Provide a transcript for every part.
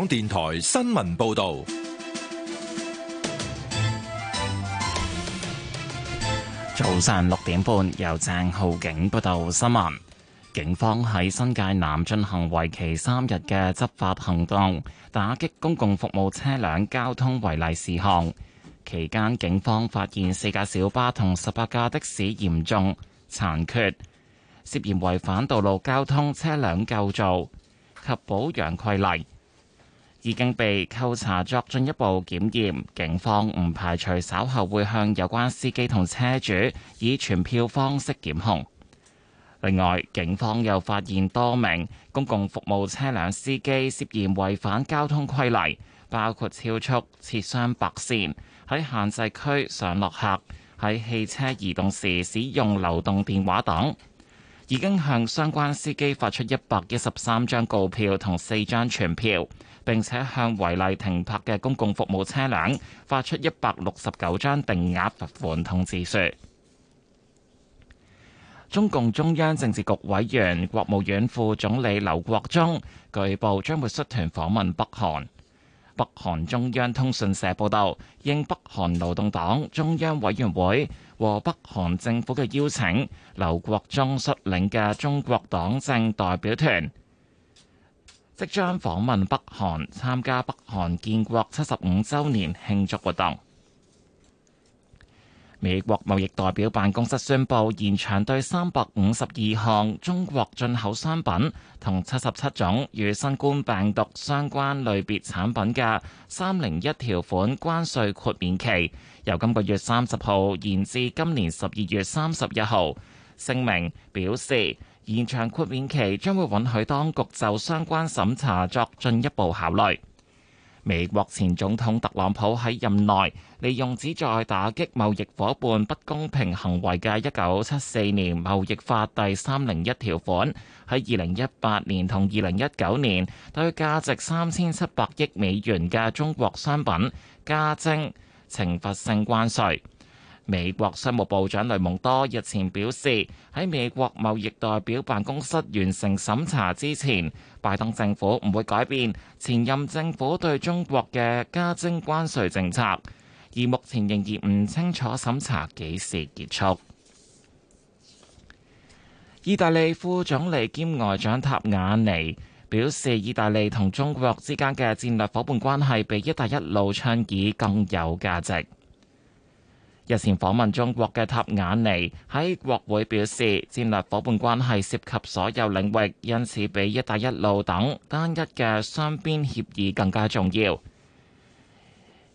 港電台新聞報道，早上六點半由鄭浩景報道新聞。警方喺新界南進行為期三日嘅執法行動，打擊公共服務車輛交通違例事項。期間，警方發現四架小巴同十八架的士嚴重殘缺，涉嫌違反道路交通車輛構造及保養規例。已經被扣查作進一步檢驗，警方唔排除稍後會向有關司機同車主以傳票方式檢控。另外，警方又發現多名公共服務車輛司機涉嫌違反交通規例，包括超速、切雙白線、喺限制區上落客、喺汽車移動時使用流動電話等，已經向相關司機發出一百一十三張告票同四張傳票。並且向違例停泊嘅公共服務車輛發出一百六十九張定額罰款通知書。中共中央政治局委員、國務院副總理劉國中據報將會率團訪問北韓。北韓中央通訊社報導，應北韓勞動黨中央委員會和北韓政府嘅邀請，劉國中率領嘅中國黨政代表團，即將訪問北韓，參加北韓建國七十五週年慶祝活動。美國貿易代表辦公室宣布延長對三百五十二項中國進口商品同七十七種與新冠病毒相關類別產品嘅三零一條款關稅豁免期，由今個月三十號延至今年十二月三十一號。聲明表示。現場豁免期將會允許當局就相關審查作進一步考慮。美國前總統特朗普喺任內，利用旨在打擊貿易伙伴不公平行為嘅一九七四年貿易法第三零一條款，喺二零一八年同二零一九年對價值三千七百億美元嘅中國商品加徵懲罰性關稅。美國商務部長雷蒙多日前表示，喺美國貿易代表辦公室完成審查之前，拜登政府唔會改變前任政府對中國嘅加徵關稅政策，而目前仍然唔清楚審查幾時結束。意大利副總理兼外長塔雅尼表示，意大利同中國之間嘅戰略伙伴關係比一帶一路倡議更有價值。日前訪問中國嘅塔雅尼喺國會表示，戰略夥伴關係涉及所有領域，因此比一帶一路等單一嘅雙邊協議更加重要。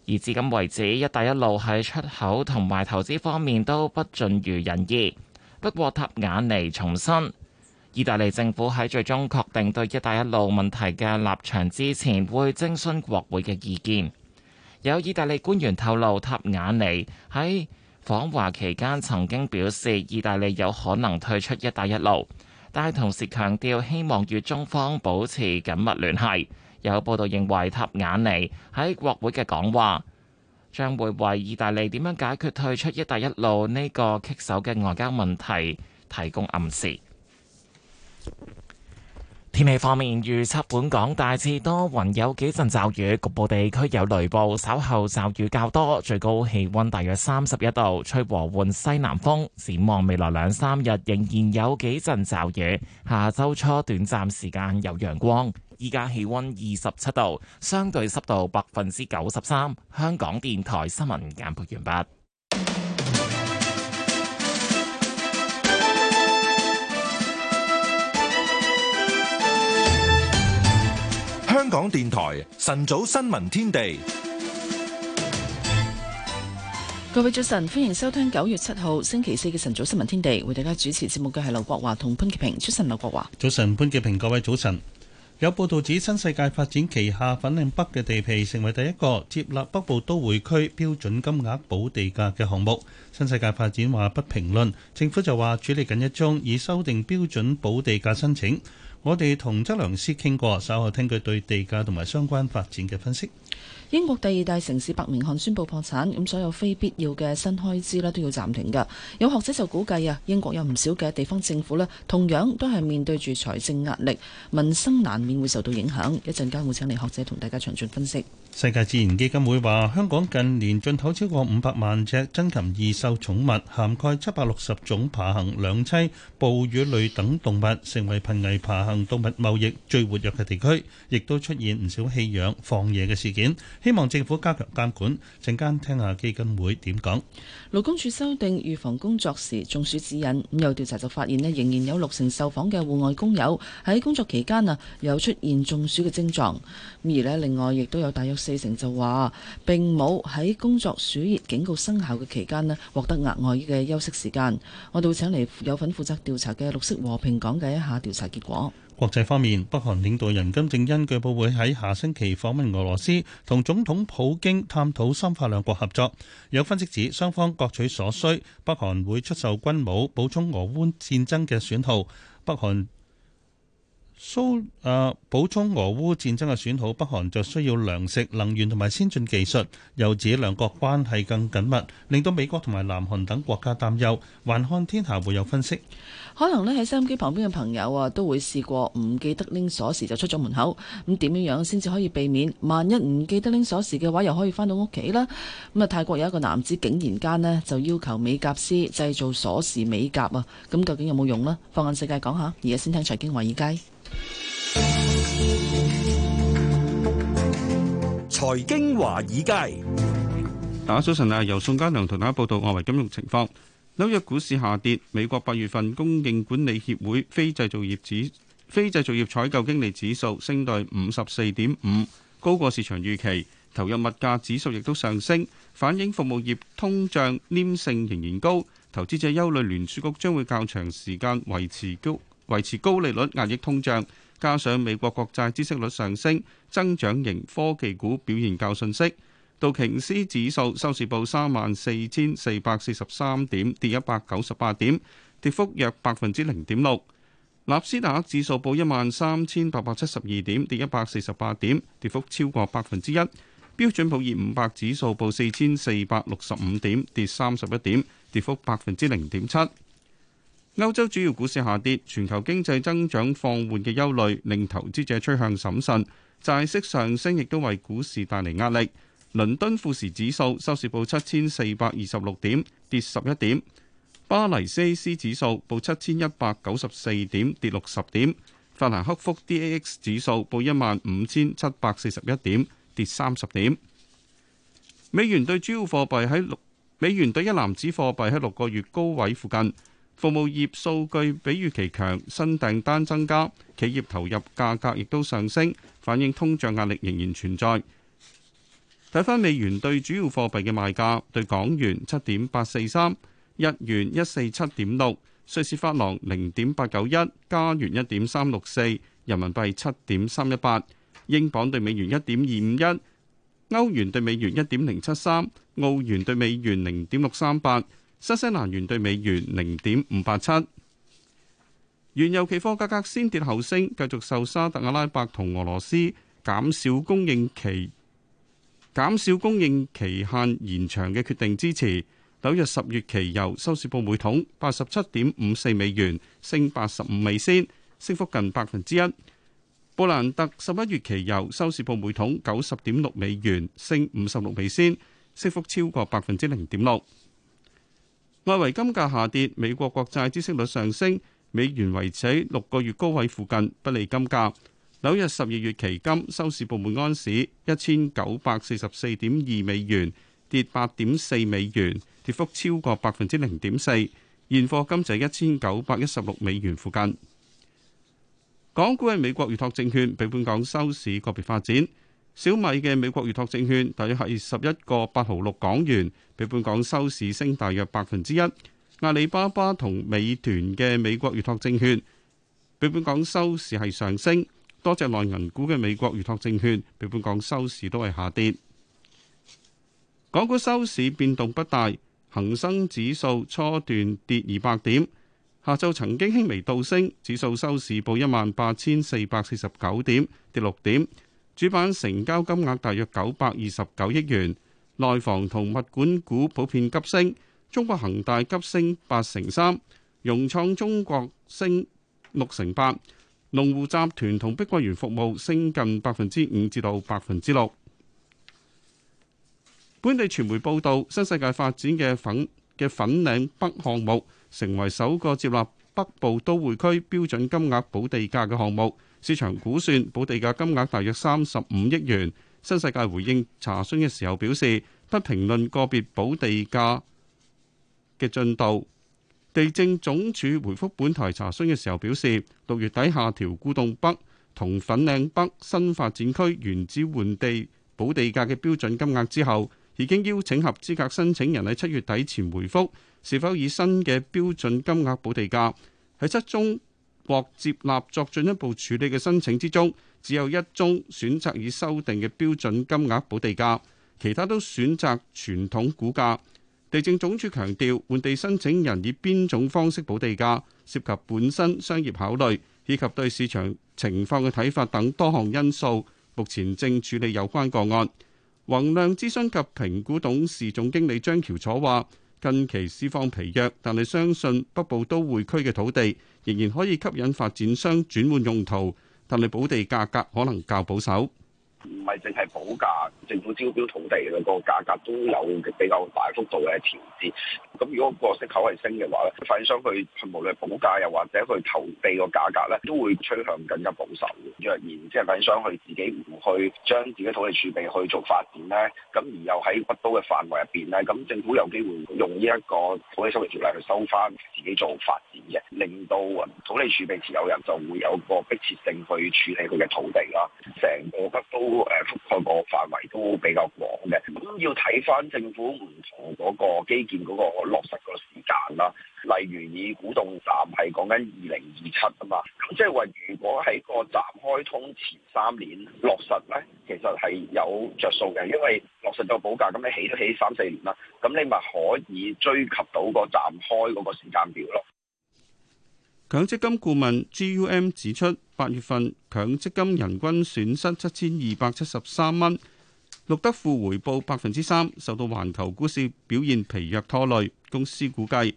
而至今為止，一帶一路喺出口同埋投資方面都不盡如人意。不過塔雅尼重申，意大利政府喺最終確定對一帶一路問題嘅立場之前，會徵詢國會嘅意見。有意大利官員透露，塔亞尼喺訪華期間曾經表示，意大利有可能退出一帶一路，但係同時強調希望與中方保持緊密聯繫。有報道認為，塔亞尼喺國會嘅講話將會為意大利點樣解決退出一帶一路呢個棘手嘅外交問題提供暗示。天氣方面，預測本港大致多雲，有幾陣驟雨，局部地區有雷暴，稍後驟雨較多，最高氣溫大約三十一度，吹和緩西南風。展望未來兩三日仍然有幾陣驟雨，下周初短暫時間有陽光。依家氣溫二十七度，相對濕度百分之九十三。香港電台新聞簡報完畢。香港電台晨早新聞天地，各位早晨，歡迎收聽九月七號星期四嘅晨早新聞天地。為大家主持節目嘅係劉國華同潘潔平。早晨，劉國華。早晨，潘潔平。各位早晨。有報道指新世界發展旗下粉嶺北嘅地皮成為第一個接納北部都會區標準金額補地價嘅項目。新世界發展話不評論。政府就話處理緊一宗以修訂標準補地價申請。我哋同測量師傾過，稍後聽佢對地價同埋相關發展嘅分析。英國第二大城市伯明翰宣布破產，咁所有非必要嘅新開支咧都要暫停嘅。有學者就估計啊，英國有唔少嘅地方政府咧，同樣都係面對住財政壓力，民生難免會受到影響。一陣間會請嚟學者同大家詳盡分析。世界自然基金會話，香港近年進口超過五百萬隻珍禽異獸寵物，涵蓋七百六十種爬行、兩棲哺乳類等動物，成為瀕危爬行動物貿易最活躍嘅地區，亦都出現唔少棄養放野嘅事件，希望政府加強監管。陣間聽下基金會點講。勞工處修訂預防工作時中暑指引，咁有調查就發現咧，仍然有六成受訪嘅戶外工友喺工作期間啊，又出現中暑嘅症狀。咁而咧，另外亦都有大約四成就話，並冇喺工作暑熱警告生效嘅期間咧，獲得額外嘅休息時間。我哋會請嚟有份負責調查嘅綠色和平講解一下調查結果。國際方面，北韓領導人金正恩據報會喺下星期訪問俄羅斯，同總統普京探討深化兩國合作。有分析指，雙方各取所需，北韓會出售軍武補充俄烏戰爭嘅損耗，北韓蘇啊補充俄烏戰爭嘅損耗，北韓就需要糧食、能源同埋先進技術。又指兩國關係更緊密，令到美國同埋南韓等國家擔憂。環看天下會有分析。可能呢，喺收音機旁邊嘅朋友啊，都會試過唔記得拎鎖匙就出咗門口，咁點樣樣先至可以避免？萬一唔記得拎鎖匙嘅話，又可以翻到屋企啦。咁啊，泰國有一個男子竟然間呢，就要求美甲師製造鎖匙美甲啊！咁究竟有冇用呢？放眼世界講下。而家先聽財經華爾街。財經華爾街，大家早晨啊！由宋嘉良同大家報道外圍金融情況。紐約股市下跌，美國八月份供應管理協會非製造業指非製造業採購經理指數升到五十四點五，高過市場預期。投入物價指數亦都上升，反映服務業通脹黏性仍然高。投資者憂慮聯儲局將會較長時間維持高維持高利率壓抑通脹，加上美國國債孳息率上升，增長型科技股表現較遜色。道瓊斯指數收市報三萬四千四百四十三點，跌一百九十八點，跌幅約百分之零點六。納斯達克指數報一萬三千八百七十二點，跌一百四十八點，跌幅超過百分之一。標準普爾五百指數報四千四百六十五點，跌三十一點，跌幅百分之零點七。歐洲主要股市下跌，全球經濟增長放緩嘅憂慮令投資者趨向審慎，債息上升亦都為股市帶嚟壓力。倫敦富時指數收市報七千四百二十六點，跌十一點；巴黎 CAC 指數報七千一百九十四點，跌六十點；法蘭克福 DAX 指數報一萬五千七百四十一點，跌三十點。美元對主要貨幣喺六美元對一籃子貨幣喺六個月高位附近。服務業數據比預期強，新訂單增加，企業投入價格亦都上升，反映通脹壓力仍然存在。睇翻美元對主要貨幣嘅賣價，對港元七點八四三，日元一四七點六，瑞士法郎零點八九一，加元一點三六四，人民幣七點三一八，英鎊對美元一點二五一，歐元對美元一點零七三，澳元對美元零點六三八，新西蘭元對美元零點五八七。原油期貨價格先跌後升，繼續受沙特阿拉伯同俄羅斯減少供應期。減少供應期限延長嘅決定支持。紐約十月期油收市報每桶八十七點五四美元，升八十五美仙，升幅近百分之一。布蘭特十一月期油收市報每桶九十點六美元，升五十六美仙，升幅超過百分之零點六。外圍金價下跌，美國國債孳息率上升，美元維持喺六個月高位附近，不利金價。紐約十二月期金收市報每安士一千九百四十四點二美元，跌八點四美元，跌幅超過百分之零點四。現貨金就係一千九百一十六美元附近。港股喺美國預託證券，比本港收市個別發展。小米嘅美國預託證券，大約係十一個八毫六港元，比本港收市升大約百分之一。阿里巴巴同美團嘅美國預託證券，比本港收市係上升。多隻內銀股嘅美國預託證券比本港收市都係下跌。港股收市變動不大，恒生指數初段跌二百點，下晝曾經輕微倒升，指數收市報一萬八千四百四十九點，跌六點。主板成交金額大約九百二十九億元，內房同物管股普遍急升，中國恒大急升八成三，融創中國升六成八。龍湖集團同碧桂園服務升近百分之五至到百分之六。本地傳媒報道，新世界發展嘅粉嘅粉嶺北項目成為首個接納北部都會區標準金額補地價嘅項目，市場估算補地價金額大約三十五億元。新世界回應查詢嘅時候表示，不評論個別補地價嘅進度。地政總署回覆本台查詢嘅時候表示，六月底下調古洞北同粉嶺北新發展區原址換地補地價嘅標準金額之後，已經邀請合資格申請人喺七月底前回覆是否以新嘅標準金額補地價。喺七宗獲接納作進一步處理嘅申請之中，只有一宗選擇以修訂嘅標準金額補地價，其他都選擇傳統估價。地政總署強調，換地申請人以邊種方式補地價，涉及本身商業考慮以及對市場情況嘅睇法等多項因素，目前正處理有關個案。宏亮諮詢及評估董事總經理張喬楚話，近期私方疲弱，但係相信北部都會區嘅土地仍然可以吸引發展商轉換用途，但係補地價格可能較保守。唔係淨係補價，政府招標土地嘅個價格都有比較大幅度嘅調節。咁如果個息口係升嘅話咧，發展商去無論係補價又或者去投地個價格咧，都會趨向更加保守嘅。若然即係發展商去自己唔去將自己土地儲備去做發展咧，咁而又喺北都嘅範圍入邊咧，咁政府有機會用呢一個土地收益條例去收翻自己做發展嘅，令到土地儲備持有人就會有個迫切性去處理佢嘅土地啦。成個北都。都誒覆蓋個範圍都比較廣嘅，咁要睇翻政府唔同嗰個基建嗰個落實個時間啦。例如以古洞站係講緊二零二七啊嘛，咁即係話如果喺個站開通前三年落實咧，其實係有着數嘅，因為落實咗補價，咁你起都起三四年啦，咁你咪可以追及到個站開嗰個時間表咯。強積金顧問 GUM 指出，八月份強積金人均損失七千二百七十三蚊，錄得負回報百分之三，受到環球股市表現疲弱拖累。公司估計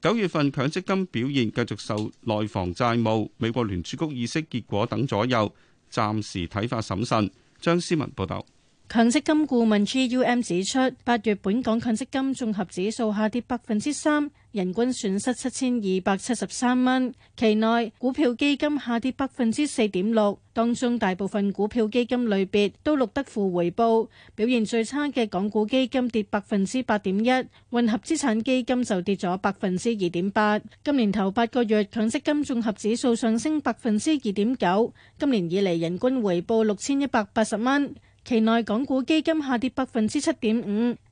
九月份強積金表現繼續受內房債務、美國聯儲局議息結果等左右，暫時睇法審慎。張思文報道。強積金顧問 GUM 指出，八月本港強積金綜合指數下跌百分之三。人均損失七千二百七十三蚊，期內股票基金下跌百分之四點六，當中大部分股票基金類別都錄得負回報，表現最差嘅港股基金跌百分之八點一，混合資產基金就跌咗百分之二點八。今年頭八個月，強積金綜合指數上升百分之二點九，今年以嚟，人均回報六千一百八十蚊，期內港股基金下跌百分之七點五。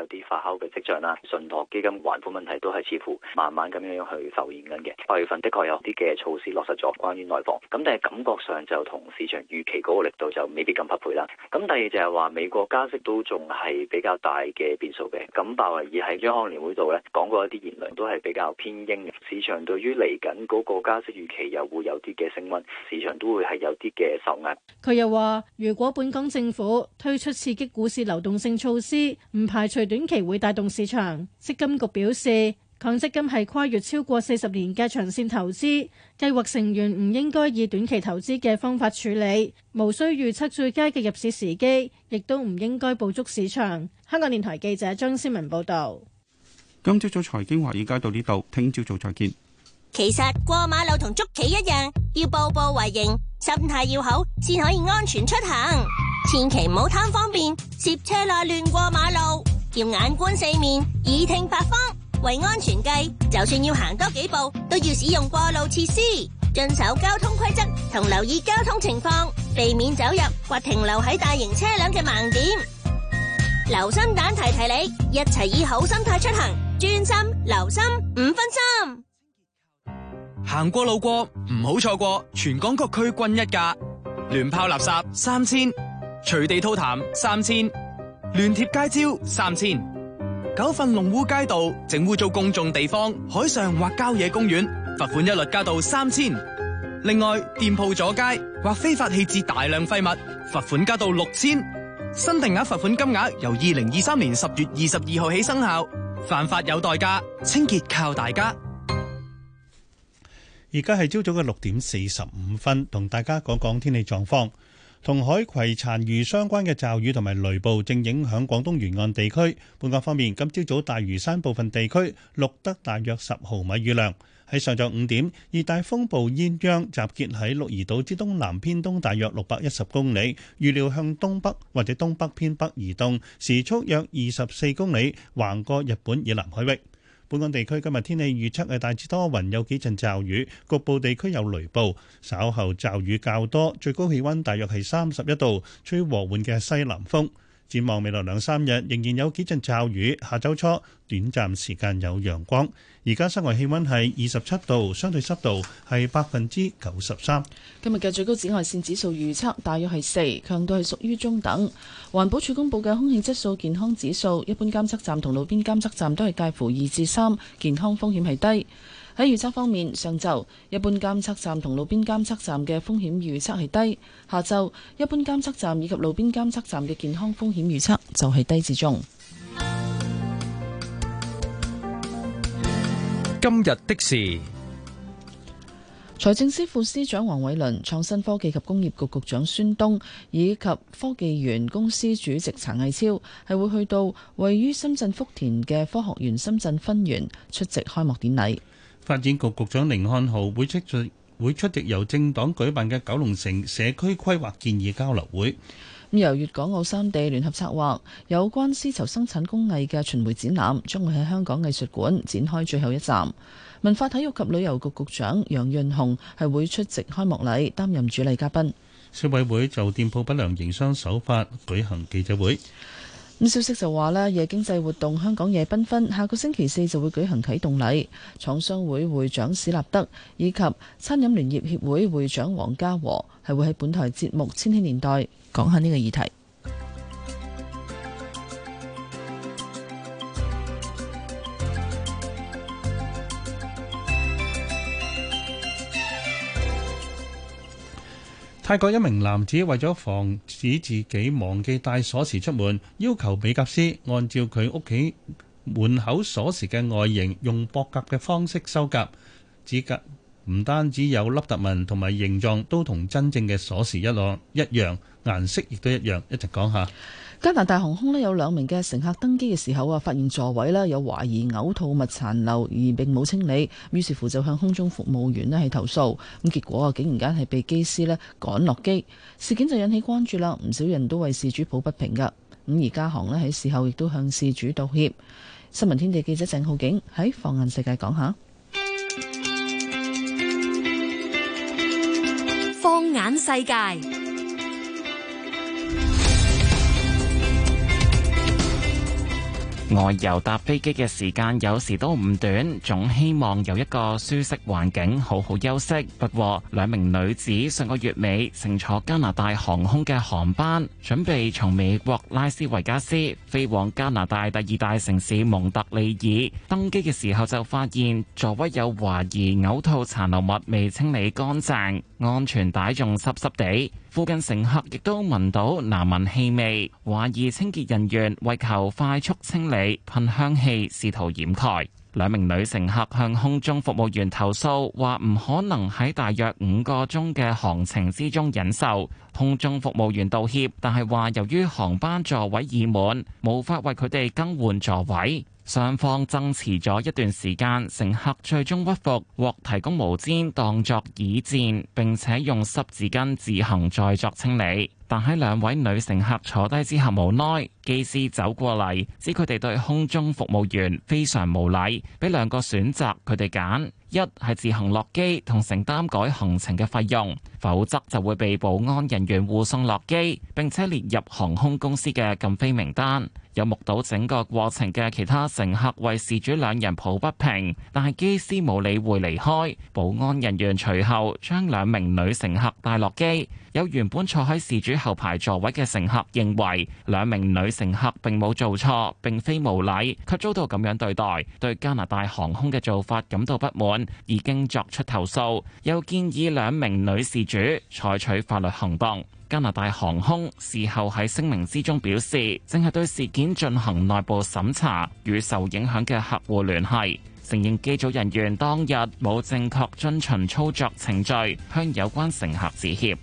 有啲發酵嘅跡象啦，信託基金還款問題都係似乎慢慢咁樣樣去浮現緊嘅。八月份的確有啲嘅措施落實咗關於內房，咁但係感覺上就同市場預期嗰個力度就未必咁匹配啦。咁第二就係話美國加息都仲係比較大嘅變數嘅。咁鮑威爾喺央行年會度呢講過一啲言論都係比較偏鷹嘅。市場對於嚟緊嗰個加息預期又會有啲嘅升温，市場都會係有啲嘅受壓。佢又話如果本港政府推出刺激股市流動性措施，唔排除。短期會帶動市場，積金局表示，強積金係跨越超過四十年嘅長線投資計劃，成員唔應該以短期投資嘅方法處理，無需預測最佳嘅入市時機，亦都唔應該捕捉市場。香港電台記者張思文報導。今朝早財經華爾街到呢度，聽朝早再見。其實過馬路同捉棋一樣，要步步為營，心態要好先可以安全出行，千祈唔好貪方便涉車路亂過馬路。要眼觀四面，耳聽八方。為安全計，就算要行多幾步，都要使用過路設施，遵守交通規則，同留意交通情況，避免走入或停留喺大型車輛嘅盲點。留心蛋，提提你，一齊以好心態出行，專心留心，五分心。行過路過，唔好錯過。全港各區均一價，亂拋垃圾三千，隨地吐痰三千，亂貼街招三千，九份弄污街道，整污糟公眾地方、海上或郊野公園，罰款一律加到三千。另外，店鋪阻街或非法棄置大量廢物，罰款加到六千。新定額罰款金額由二零二三年十月二十二號起生效。犯法有代價，清潔靠大家。而家係朝早嘅六點四十五分，同大家講講天氣狀況。同海葵殘餘相關嘅驟雨同埋雷暴正影響廣東沿岸地區。本港方面，今朝早大嶼山部分地區錄得大約十毫米雨量。喺上晝五點，熱帶風暴鴛鴦集結喺鹿兒島之東南偏東大約六百一十公里，預料向東北或者東北偏北移動，時速約二十四公里，橫過日本以南海域。本港地區今日天氣預測係大致多雲，有幾陣驟雨，局部地區有雷暴。稍後驟雨較多，最高氣温大約係三十一度，吹和緩嘅西南風。展望未來兩三日，仍然有幾陣驟雨，下周初，短暫時間有陽光。而家室外氣溫係二十七度，相對濕度係百分之九十三。今日嘅最高紫外線指數預測大約係四，強度係屬於中等。環保署公布嘅空氣質素健康指數，一般監測站同路邊監測站都係介乎二至三，健康風險係低。喺預測方面，上晝一般監測站同路邊監測站嘅風險預測係低，下晝一般監測站以及路邊監測站嘅健康風險預測就係低至中。今日的事，財政司副司長黃偉綸、創新科技及工業局局長孫東以及科技園公司主席陳毅超係會去到位於深圳福田嘅科學園深圳分園出席開幕典禮。發展局局長甯漢豪會出席，會出席由政黨舉辦嘅九龍城社區規劃建議交流會。由粵港澳三地聯合策劃有關絲綢生產工藝嘅巡迴展覽，將會喺香港藝術館展開最後一站。文化體育及旅遊局局長楊潤雄係會出席開幕禮，擔任主禮嘉賓。消委會，會就店鋪不良營商手法舉行記者會。咁消息就話咧，夜經濟活動香港夜繽紛，下個星期四就會舉行啟動禮。廠商會會長史立德以及餐飲聯業協會會長黃家和係會喺本台節目《千禧年代》講下呢個議題。泰國一名男子為咗防止自己忘記帶鎖匙出門，要求美甲師按照佢屋企門口鎖匙嘅外形，用薄甲嘅方式收甲。指甲唔單止有凹凸紋，同埋形狀都同真正嘅鎖匙一模一樣，顏色亦都一樣。講一齊講下。加拿大航空咧有兩名嘅乘客登機嘅時候啊，發現座位咧有懷疑嘔吐物殘留而並冇清理，於是乎就向空中服務員咧係投訴，咁結果啊竟然間係被機師咧趕落機，事件就引起關注啦，唔少人都為事主抱不平㗎，咁而家航咧喺事後亦都向事主道歉。新聞天地記者鄭浩景喺放眼世界講下，放眼世界。外遊搭飛機嘅時間有時都唔短，總希望有一個舒適環境好好休息。不過，兩名女子上個月尾乘坐加拿大航空嘅航班，準備從美國拉斯維加斯飛往加拿大第二大城市蒙特利爾，登機嘅時候就發現座位有懷疑嘔吐殘留物未清理乾淨。安全帶仲濕濕地，附近乘客亦都聞到難聞氣味，懷疑清潔人員為求快速清理，噴香氣，試圖掩蓋。兩名女乘客向空中服務員投訴，話唔可能喺大約五個鐘嘅航程之中忍受。空中服務員道歉，但係話由於航班座位已滿，無法為佢哋更換座位。雙方爭持咗一段時間，乘客最終屈服，獲提供毛氈當作椅墊，並且用濕紙巾自行再作清理。但喺兩位女乘客坐低之後，無奈機師走過嚟，指佢哋對空中服務員非常無禮，俾兩個選擇佢哋揀：一係自行落機同承擔改行程嘅費用。否則就會被保安人員護送落機，並且列入航空公司嘅禁飛名單。有目睹整個過程嘅其他乘客為事主兩人抱不平，但係機師冇理會離開。保安人員隨後將兩名女乘客帶落機。有原本坐喺事主後排座位嘅乘客認為兩名女乘客並冇做錯，並非無禮，却遭到咁樣對待，對加拿大航空嘅做法感到不滿，已經作出投訴，又建議兩名女士。主採取法律行動。加拿大航空事後喺聲明之中表示，正係對事件進行內部審查，與受影響嘅客戶聯繫，承認機組人員當日冇正確遵循操作程序，向有關乘客致歉。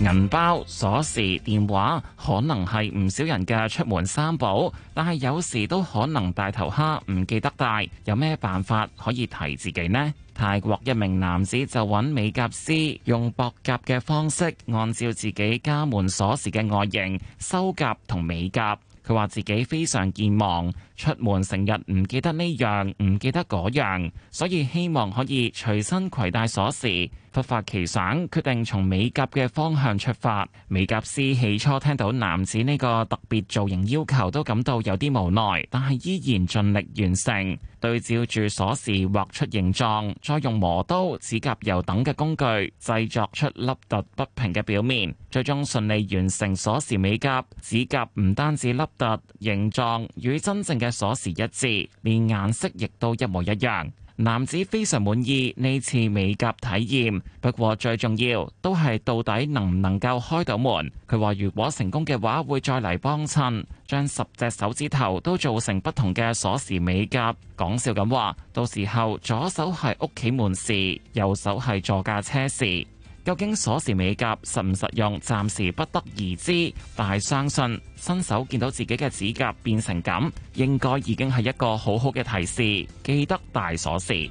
銀包、鎖匙、電話，可能係唔少人嘅出門三寶，但係有時都可能大頭蝦唔記得帶，有咩辦法可以提自己呢？泰國一名男子就搵美甲師用駁甲嘅方式，按照自己家門鎖匙嘅外形修甲同美甲。佢話自己非常健忘，出門成日唔記得呢樣，唔記得嗰樣，所以希望可以隨身攜帶鎖匙。忽發奇想，決定從美甲嘅方向出發。美甲師起初聽到男子呢個特別造型要求，都感到有啲無奈，但係依然盡力完成。對照住鎖匙畫出形狀，再用磨刀、指甲油等嘅工具製作出凹凸不平嘅表面，最終順利完成鎖匙美甲。指甲唔單止凹凸形狀與真正嘅鎖匙一致，連顏色亦都一模一樣。男子非常滿意呢次美甲體驗，不過最重要都係到底能唔能夠開到門。佢話如果成功嘅話，會再嚟幫襯，將十隻手指頭都做成不同嘅鎖匙美甲。講笑咁話，到時候左手係屋企門匙，右手係座駕車匙。究竟鎖匙美甲實唔實用，暫時不得而知。但係相信新手見到自己嘅指甲變成咁，應該已經係一個好好嘅提示，記得帶鎖匙。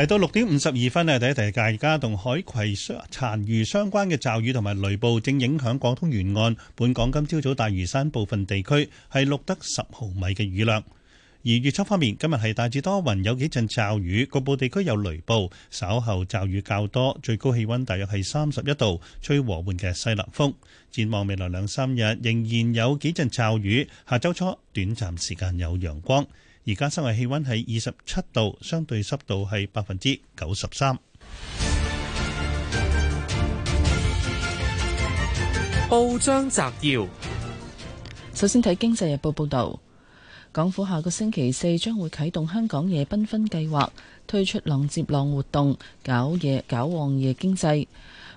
嚟到六點五十二分呢，第一題，大家同海葵殘餘相關嘅驟雨同埋雷暴正影響廣東沿岸，本港今朝早大嶼山部分地區係錄得十毫米嘅雨量。而預測方面，今日係大致多雲，有幾陣驟雨，局部地區有雷暴，稍後驟雨較多，最高氣温大約係三十一度，吹和緩嘅西南風。展望未來兩三日，仍然有幾陣驟雨，下週初短暫時間有陽光。而家室外氣溫係二十七度，相對濕度係百分之九十三。報章摘要：首先睇《經濟日報》報道，港府下個星期四將會啟動香港夜繽紛計劃，推出浪接浪活動，搞嘢搞旺夜經濟。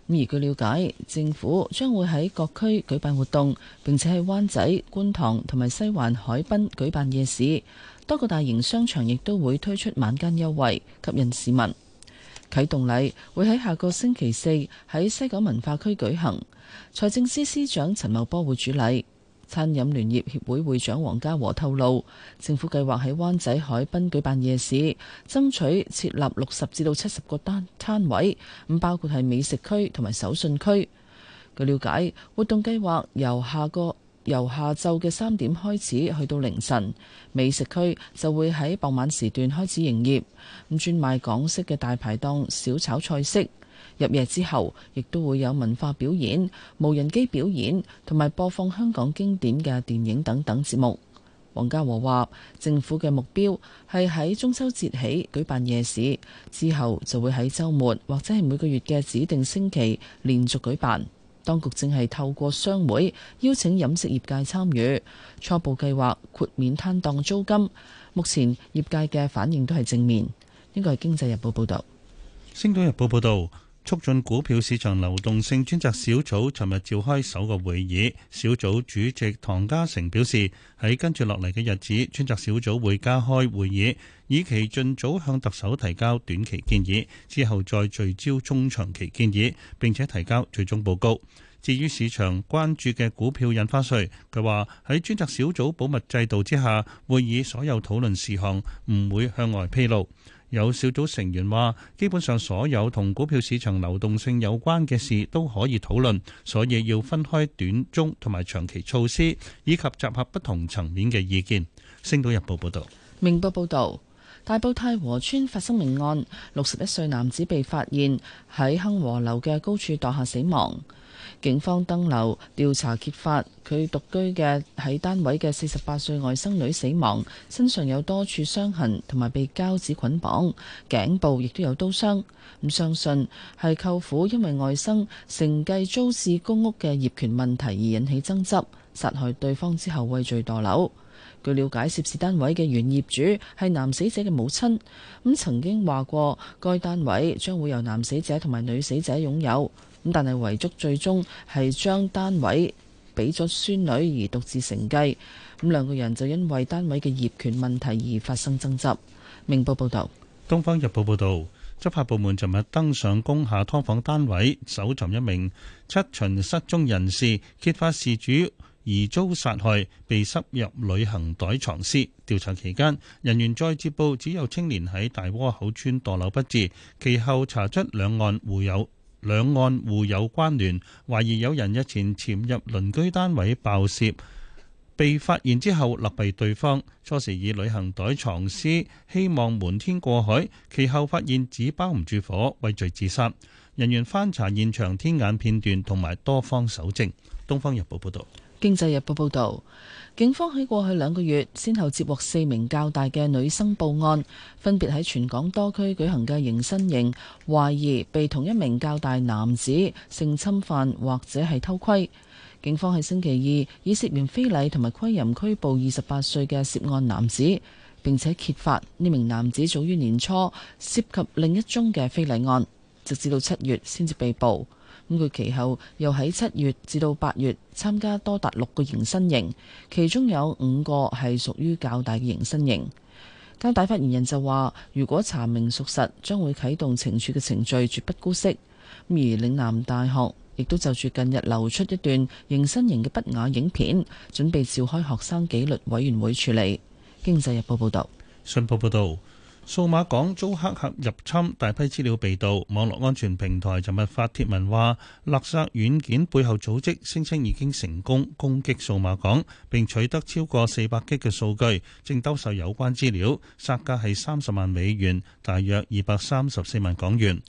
咁而據了解，政府將會喺各區舉辦活動，並且喺灣仔、觀塘同埋西環海濱舉辦夜市。多個大型商場亦都會推出晚間優惠，吸引市民。啟動禮會喺下個星期四喺西九文化區舉行，財政司司長陳茂波會主禮。餐飲聯業協會會長王家和透露，政府計劃喺灣仔海濱舉辦夜市，爭取設立六十至到七十個單攤位，咁包括係美食區同埋手信區。據了解，活動計劃由下個由下晝嘅三點開始，去到凌晨，美食區就會喺傍晚時段開始營業。咁專賣港式嘅大排檔小炒菜式。入夜之後，亦都會有文化表演、無人機表演同埋播放香港經典嘅電影等等節目。黃家和話：政府嘅目標係喺中秋節起舉辦夜市，之後就會喺週末或者係每個月嘅指定星期連續舉辦。當局正係透過商會邀請飲食業界參與，初步計劃豁免攤檔租金。目前業界嘅反應都係正面。呢個係《經濟日報》報道。《星島日報》報道。促進股票市場流動性專責小組尋日召開首個會議，小組主席唐家成表示，喺跟住落嚟嘅日子，專責小組會加開會議，以期盡早向特首提交短期建議，之後再聚焦中長期建議，並且提交最終報告。至於市場關注嘅股票印花稅，佢話喺專責小組保密制度之下，會議所有討論事項唔會向外披露。有小組成員話：基本上所有同股票市場流動性有關嘅事都可以討論，所以要分開短、中同埋長期措施，以及集合不同層面嘅意見。星島日報報道：「明報報道，大埔太和村發生命案，六十一歲男子被發現喺亨和樓嘅高處墮下死亡。警方登樓調查揭發，佢獨居嘅喺單位嘅四十八歲外甥女死亡，身上有多處傷痕同埋被膠紙捆綁，頸部亦都有刀傷。咁相信係舅父因為外甥承繼租置公屋嘅業權問題而引起爭執，殺害對方之後畏罪墮樓。據了解，涉事單位嘅原業主係男死者嘅母親，咁曾經話過該單位將會由男死者同埋女死者擁有。咁但係遺囑最終係將單位俾咗孫女而獨自承繼，咁兩個人就因為單位嘅業權問題而發生爭執。明報報道。《東方日報》報道，執法部門昨日登上工廈劏房單位，搜尋一名七旬失蹤人士，揭發事主疑遭殺害，被塞入旅行袋藏屍。調查期間，人員再接報，只有青年喺大窩口村墮樓不治，其後查出兩案互有。兩岸互有關聯，懷疑有人日前潛入鄰居單位爆竊，被發現之後勒斃對方，初時以旅行袋藏屍，希望瞞天過海，其後發現紙包唔住火，畏罪自殺。人員翻查現場天眼片段同埋多方搜證。《東方日報》報導。經濟日報報道，警方喺過去兩個月先後接獲四名較大嘅女生報案，分別喺全港多區舉行嘅迎新營，懷疑被同一名較大男子性侵犯或者係偷窺。警方喺星期二以涉嫌非禮同埋窺淫拘捕二十八歲嘅涉案男子，並且揭發呢名男子早於年初涉及另一宗嘅非禮案，直至到七月先至被捕。根據其後又喺七月至到八月參加多達六個迎新營，其中有五個係屬於較大嘅迎新營。交大發言人就話：如果查明屬實，將會啟動懲處嘅程序，絕不姑息。而嶺南大學亦都就住近日流出一段迎新營嘅不雅影片，準備召開學生紀律委員會處理。經濟日報報道。新報報道，信報報道。數碼港遭黑客入侵，大批資料被盜。網絡安全平台尋日發帖文話，勒索軟件背後組織聲稱已經成功攻擊數碼港，並取得超過四百 G 嘅數據，正兜售有關資料，殺價係三十萬美元，大約二百三十四萬港元。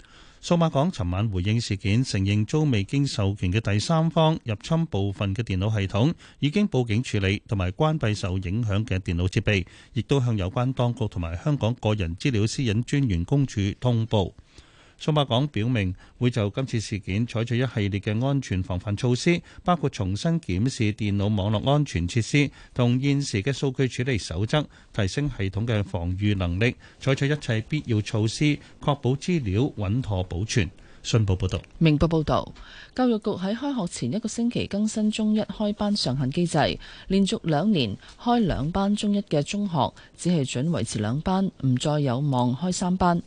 數碼港尋晚回應事件，承認遭未經授權嘅第三方入侵部分嘅電腦系統，已經報警處理同埋關閉受影響嘅電腦設備，亦都向有關當局同埋香港個人資料私隱專員公署通報。數碼港表明會就今次事件採取一系列嘅安全防範措施，包括重新檢視電腦網絡安全設施同現時嘅數據處理守則，提升系統嘅防禦能力，採取一切必要措施，確保資料穩妥保存。信報報導，明報報道：教育局喺開學前一個星期更新中一開班上限機制，連續兩年開兩班中一嘅中學，只係準維持兩班，唔再有望開三班。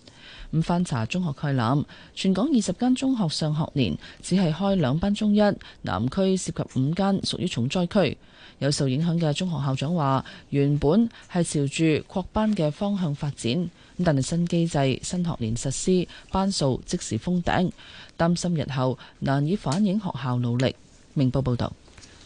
咁翻查中學概覽，全港二十間中學上學年只係開兩班中一，南區涉及五間屬於重災區，有受影響嘅中學校長話原本係朝住擴班嘅方向發展，但係新機制，新學年實施班數即時封頂，擔心日後難以反映學校努力。明報報道，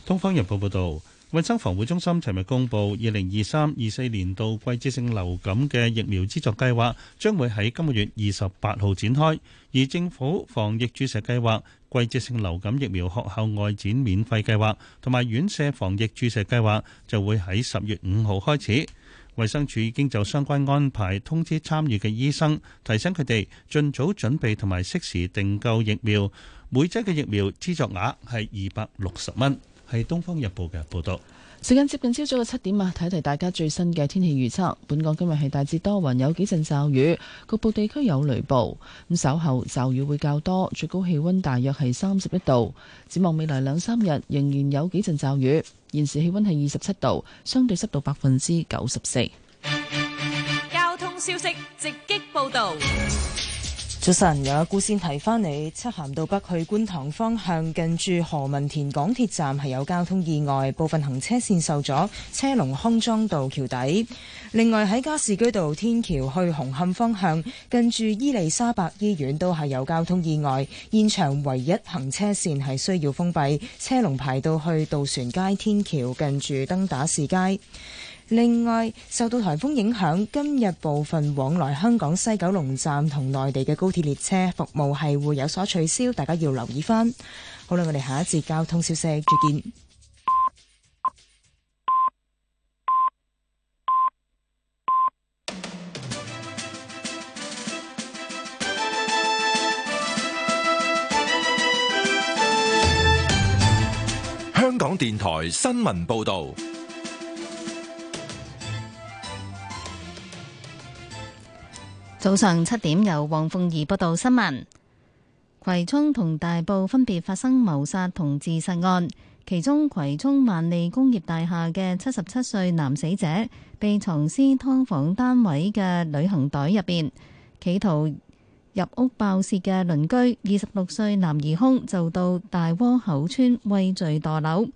東方日報報道。衛生防護中心尋日公布，二零二三二四年度季節性流感嘅疫苗資助計劃將會喺今個月二十八號展開，而政府防疫注射計劃、季節性流感疫苗學校外展免費計劃同埋院舍防疫注射計劃就會喺十月五號開始。衛生署已經就相關安排通知參與嘅醫生，提醒佢哋盡早準備同埋適時訂購疫苗。每劑嘅疫苗資助額係二百六十蚊。係《東方日報》嘅報道。時間接近朝早嘅七點啊，提一提大家最新嘅天氣預測。本港今日係大致多雲，有幾陣驟雨，局部地區有雷暴。咁稍後驟雨會較多，最高氣溫大約係三十一度。展望未來兩三日仍然有幾陣驟雨。現時氣溫係二十七度，相對濕度百分之九十四。交通消息直擊報道。早晨，有個故事先提翻你，漆咸道北去觀塘方向，近住何文田港鐵站係有交通意外，部分行車線受阻，車龍空裝到橋底。另外喺加士居道天橋去紅磡方向，近住伊利沙伯醫院都係有交通意外，現場唯一行車線係需要封閉，車龍排到去渡船街天橋，近住登打士街。另外，受到颱風影響，今日部分往來香港西九龍站同內地嘅高鐵列車服務係會有所取消，大家要留意返。好啦，我哋下一節交通消息，再見。香港電台新聞報導。早上七點，由黃鳳儀報道新聞。葵涌同大埔分別發生謀殺同自殺案，其中葵涌萬利工業大廈嘅七十七歲男死者被藏屍劏房單位嘅旅行袋入邊，企圖入屋爆竊嘅鄰居二十六歲男疑兇就到大窩口村畏罪墮樓。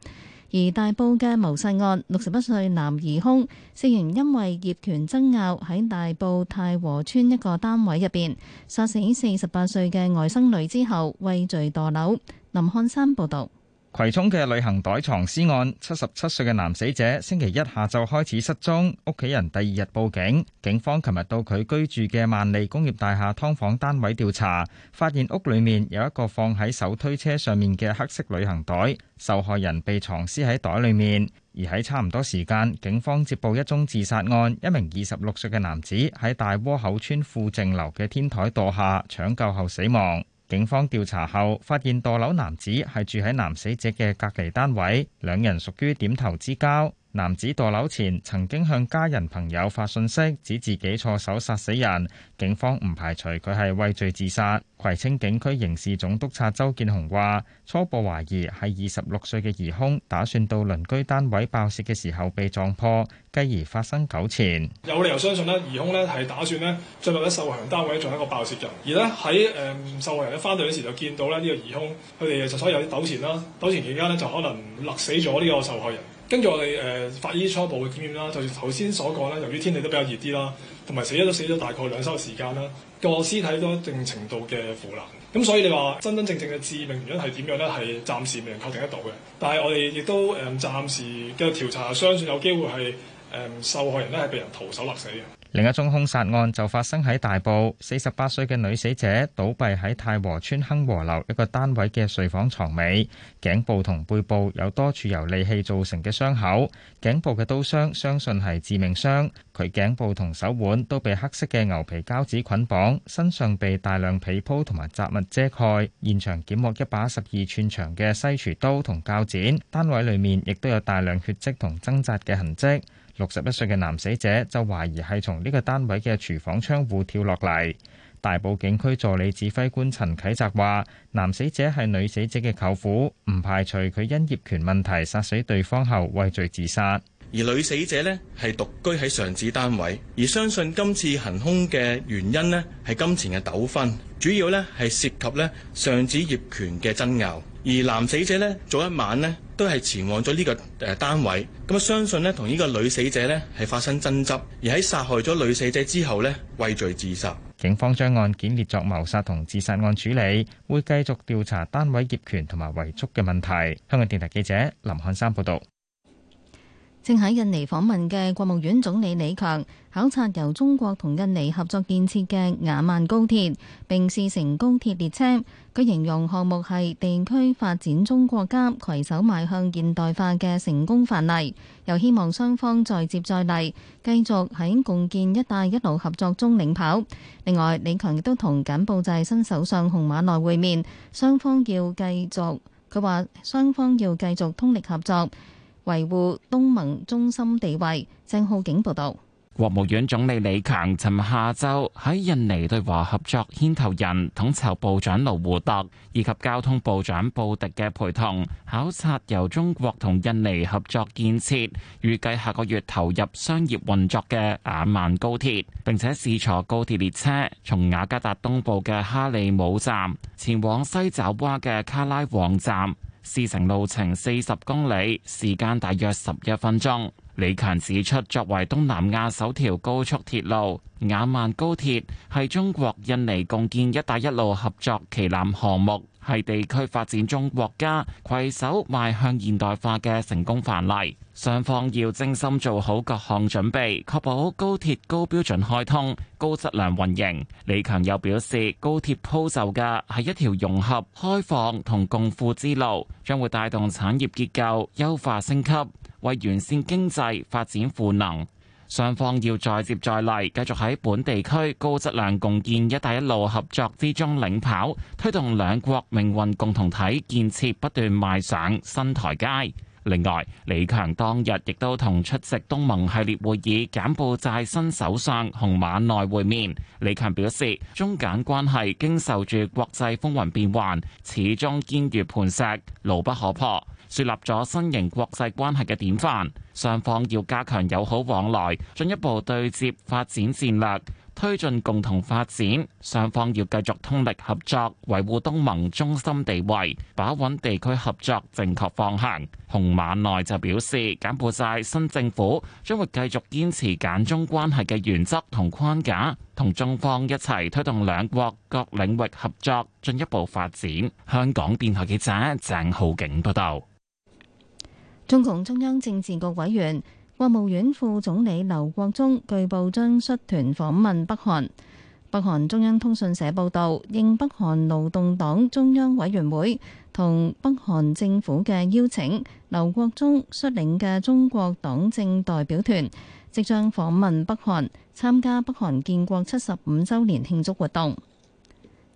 而大埔嘅謀殺案，六十一歲男疑兇涉嫌因為業權爭拗喺大埔太和邨一個單位入邊，殺死四十八歲嘅外甥女之後，畏罪墮樓。林漢山報道。葵涌嘅旅行袋藏屍案，七十七歲嘅男死者星期一下晝開始失蹤，屋企人第二日報警。警方琴日到佢居住嘅萬利工業大廈劏房單位調查，發現屋裏面有一個放喺手推車上面嘅黑色旅行袋，受害人被藏屍喺袋裏面。而喺差唔多時間，警方接報一宗自殺案，一名二十六歲嘅男子喺大窩口村富靜樓嘅天台墮下，搶救後死亡。警方調查後發現，墮樓男子係住喺男死者嘅隔離單位，兩人屬於點頭之交。男子墮樓前曾經向家人朋友發信息，指自己錯手殺死人。警方唔排除佢係畏罪自殺。葵青警區刑事總督察周建雄話：初步懷疑係二十六歲嘅疑兇，打算到鄰居單位爆竊嘅時候被撞破，繼而發生糾纏。有理由相信呢疑兇呢係打算咧進入咧受害人單位做一個爆竊人，而呢喺誒受害人咧翻到嘅時候就見到咧呢個疑兇，佢哋就所以有啲糾纏啦，糾纏期間呢就可能勒死咗呢個受害人。跟住我哋誒法醫初步嘅檢驗啦，就似頭先所講咧，由於天氣都比較熱啲啦，同埋死咗都死咗大概兩三個時間啦，個屍體都一定程度嘅腐爛，咁所以你話真真正正嘅致命原因係點樣咧？係暫時未能確定得到嘅。但係我哋亦都誒、呃、暫時嘅調查，相信有機會係誒、呃、受害人咧係被人徒手勒死嘅。另一宗凶殺案就發生喺大埔，四十八歲嘅女死者倒斃喺太和邨亨和樓一個單位嘅睡房床尾，頸部同背部有多處由利器造成嘅傷口，頸部嘅刀傷相信係致命傷。佢頸部同手腕都被黑色嘅牛皮膠紙捆綁，身上被大量被鋪同埋雜物遮蓋。現場檢獲一把十二寸長嘅西廚刀同鉸剪，單位裡面亦都有大量血跡同掙扎嘅痕跡。六十一歲嘅男死者就懷疑係從呢個單位嘅廚房窗戶跳落嚟。大埔警區助理指揮官陳啟澤話，男死者係女死者嘅舅父，唔排除佢因業權問題殺死對方後畏罪自殺。而女死者呢，係獨居喺上址單位，而相信今次行凶嘅原因呢，係金錢嘅糾紛，主要呢，係涉及呢上址業權嘅爭拗。而男死者呢，早一晚呢，都係前往咗呢個誒單位，咁啊相信呢，同呢個女死者呢，係發生爭執，而喺殺害咗女死者之後呢，畏罪自殺，警方將案件列作謀殺同自殺案處理，會繼續調查單位業權同埋遺囑嘅問題，香港電台記者林漢山報道。正喺印尼訪問嘅國務院總理李強考察由中國同印尼合作建設嘅雅萬高鐵，並試乘高鐵列車。佢形容項目係地區發展中國家攜手邁向現代化嘅成功範例，又希望雙方再接再厲，繼續喺共建“一帶一路”合作中領跑。另外，李強亦都同柬埔寨新首相洪瑪奈會面，雙方要繼續，佢話雙方要繼續通力合作。維護東盟中心地位。鄭浩景報道，國務院總理李強尋日下晝喺印尼對華合作牽頭人統籌部長盧胡特以及交通部長布迪嘅陪同，考察由中國同印尼合作建設、預計下個月投入商業運作嘅雅萬高鐵，並且試坐高鐵列車從雅加達東部嘅哈利姆站前往西爪哇嘅卡拉旺站。試乘路程四十公里，時間大約十一分鐘，李強指出，作為東南亞首條高速鐵路，雅萬高鐵係中國印尼共建“一帶一路”合作旗艦項目。係地區發展中國家攜手邁向現代化嘅成功範例，雙方要精心做好各項準備，確保高鐵高標準開通、高質量運營。李強又表示，高鐵鋪就嘅係一條融合開放同共富之路，將會帶動產業結構優化升級，為完善經濟發展賦能。雙方要再接再厲，繼續喺本地區高質量共建“一帶一路”合作之中領跑，推動兩國命運共同體建設不斷邁上新台階。另外，李強當日亦都同出席東盟系列會議柬埔寨新首相洪馬內會面。李強表示，中柬關係經受住國際風雲變幻，始終堅如磐石，牢不可破。樹立咗新型國際關係嘅典範，雙方要加強友好往來，進一步對接發展戰略，推進共同發展。雙方要繼續通力合作，維護東盟中心地位，把穩地區合作正確方向。洪馬內就表示，柬埔寨新政府將會繼續堅持柬中關係嘅原則同框架，同中方一齊推動兩國各領域合作進一步發展。香港電台記者鄭浩景報道。中共中央政治局委員、國務院副總理劉國中據報將率團訪問北韓。北韓中央通訊社報道，應北韓勞動黨中央委員會同北韓政府嘅邀請，劉國中率領嘅中國黨政代表團即將訪問北韓，參加北韓建國七十五周年慶祝活動。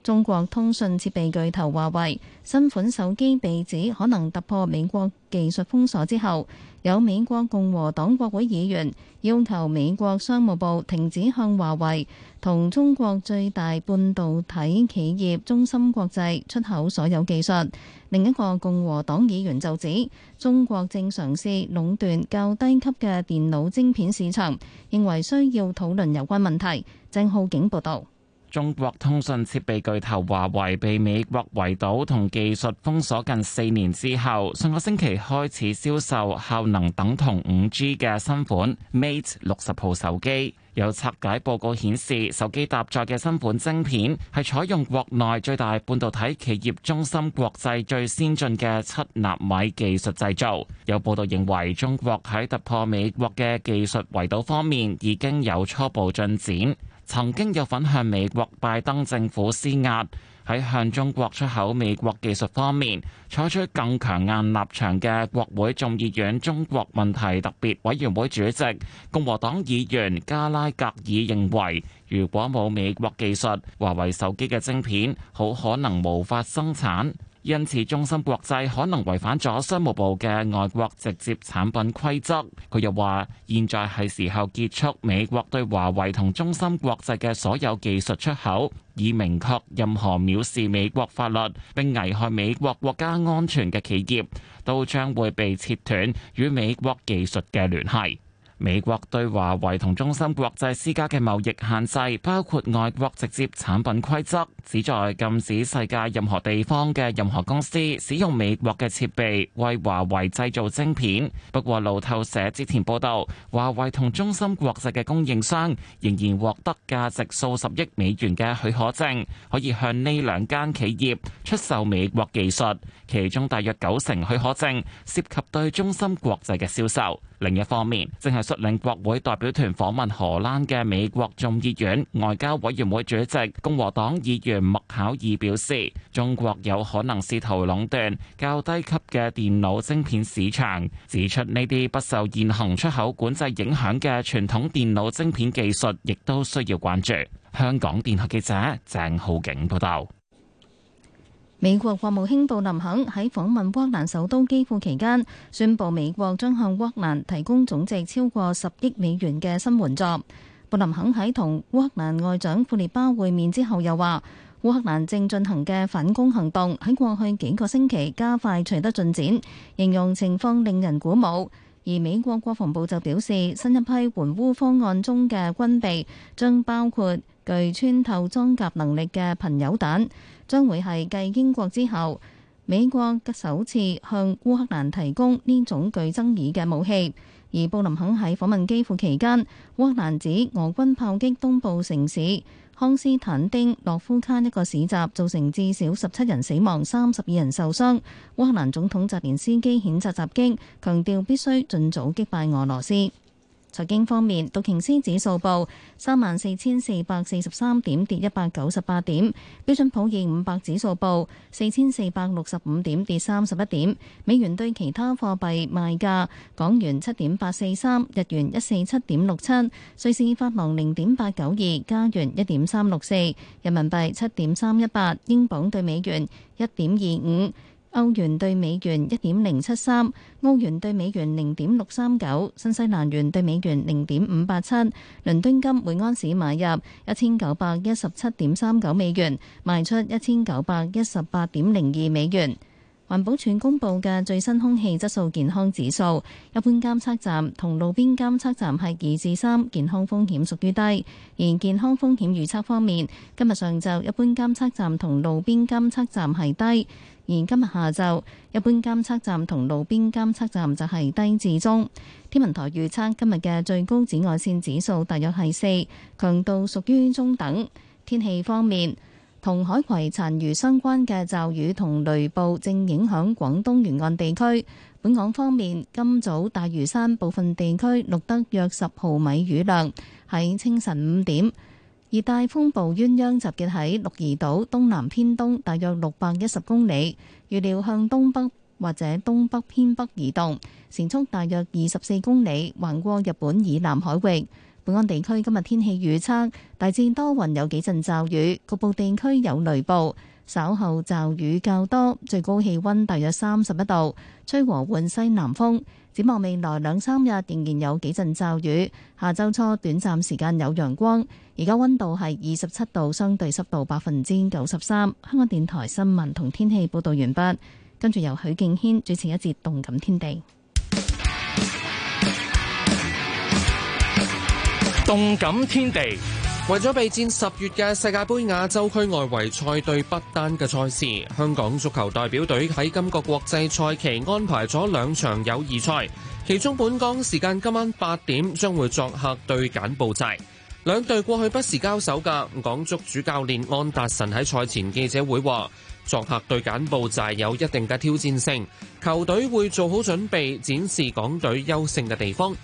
中國通訊設備巨頭華為新款手機被指可能突破美國技術封鎖之後，有美國共和黨國會議員要求美國商務部停止向華為同中國最大半導體企業中芯國際出口所有技術。另一個共和黨議員就指，中國正嘗試壟斷較低級嘅電腦晶片市場，認為需要討論有關問題。鄭浩景報道。中國通訊設備巨頭華為被美國圍堵同技術封鎖近四年之後，上個星期開始銷售效能等同 5G 嘅新款 Mate 六十 Pro 手機。有拆解報告顯示，手機搭載嘅新款晶片係採用國內最大半導體企業中芯國際最先進嘅七納米技術製造。有報道認為，中國喺突破美國嘅技術圍堵方面已經有初步進展。曾經有份向美國拜登政府施壓，喺向中國出口美國技術方面採取更強硬立場嘅國會眾議院中國問題特別委員會主席共和黨議員加拉格爾認為，如果冇美國技術，華為手機嘅晶片好可能無法生產。因此，中芯國際可能違反咗商務部嘅外國直接產品規則。佢又話，現在係時候結束美國對華為同中芯國際嘅所有技術出口，以明確任何藐視美國法律並危害美國國家安全嘅企業都將會被切斷與美國技術嘅聯繫。美國對華為同中芯國際施加嘅貿易限制，包括外國直接產品規則，旨在禁止世界任何地方嘅任何公司使用美國嘅設備為華為製造晶片。不過，路透社之前報導，華為同中芯國際嘅供應商仍然獲得價值數十億美元嘅許可證，可以向呢兩間企業出售美國技術，其中大約九成許可證涉及對中芯國際嘅銷售。另一方面，正係率領國會代表團訪問荷蘭嘅美國眾議院外交委員會主席共和黨議員麥考爾表示，中國有可能試圖壟斷較低級嘅電腦晶片市場，指出呢啲不受現行出口管制影響嘅傳統電腦晶片技術，亦都需要關注。香港電台記者鄭浩景報道。美國國務卿布林肯喺訪問烏克蘭首都基輔期間，宣布美國將向烏克蘭提供總值超過十億美元嘅新援助。布林肯喺同烏克蘭外長庫列巴會面之後又，又話烏克蘭正進行嘅反攻行動喺過去幾個星期加快取得進展，形容情況令人鼓舞。而美國國防部就表示，新一批援烏方案中嘅軍備將包括。具穿透裝甲能力嘅貧鈾彈，將會係繼英國之後美國嘅首次向烏克蘭提供呢種具爭議嘅武器。而布林肯喺訪問基輔期間，烏克蘭指俄軍炮擊東部城市康斯坦丁諾夫卡一個市集，造成至少十七人死亡、三十二人受傷，烏克蘭總統澤連斯基譴責襲擊，強調必須盡早擊敗俄羅斯。財經方面，道瓊斯指數報三萬四千四百四十三點，跌一百九十八點；標準普爾五百指數報四千四百六十五點，跌三十一點。美元對其他貨幣賣價，港元七點八四三，日元一四七點六七，瑞士法郎零點八九二，加元一點三六四，人民幣七點三一八，英鎊對美元一點二五。歐元對美元一點零七三，歐元對美元零點六三九，新西蘭元對美元零點五八七，倫敦金每安士買入一千九百一十七點三九美元，賣出一千九百一十八點零二美元。環保署公布嘅最新空氣質素健康指數，一般監測站同路邊監測站係二至三，健康風險屬於低。而健康風險預測方面，今日上晝一般監測站同路邊監測站係低。而今日下晝，一般監測站同路邊監測站就係低至中。天文台預測今日嘅最高紫外線指數大約係四，強度屬於中等。天氣方面，同海葵殘餘相關嘅驟雨同雷暴正影響廣東沿岸地區。本港方面，今早大嶼山部分地區錄得約十毫米雨量，喺清晨五點。熱帶風暴鴛鴦集結喺鹿兒島東南偏東，大約六百一十公里，預料向東北或者東北偏北移動，時速大約二十四公里，橫過日本以南海域。本港地區今日天，天氣預測大致多雲，有幾陣驟雨，局部地區有雷暴，稍後驟雨較多，最高氣温大約三十一度，吹和緩西南風。展望未來兩三日仍然有幾陣驟雨，下周初短暫時間有陽光。而家溫度係二十七度，相對濕度百分之九十三。香港電台新聞同天氣報道完畢，跟住由許敬軒主持一節《動感天地》。《動感天地》。為咗備戰十月嘅世界杯亞洲區外圍賽對不丹嘅賽事，香港足球代表隊喺今個國際賽期安排咗兩場友誼賽，其中本港時間今晚八點將會作客對柬埔寨。兩隊過去不時交手噶，港足主教練安達臣喺賽前記者會話：作客對柬埔寨有一定嘅挑戰性，球隊會做好準備，展示港隊優勝嘅地方。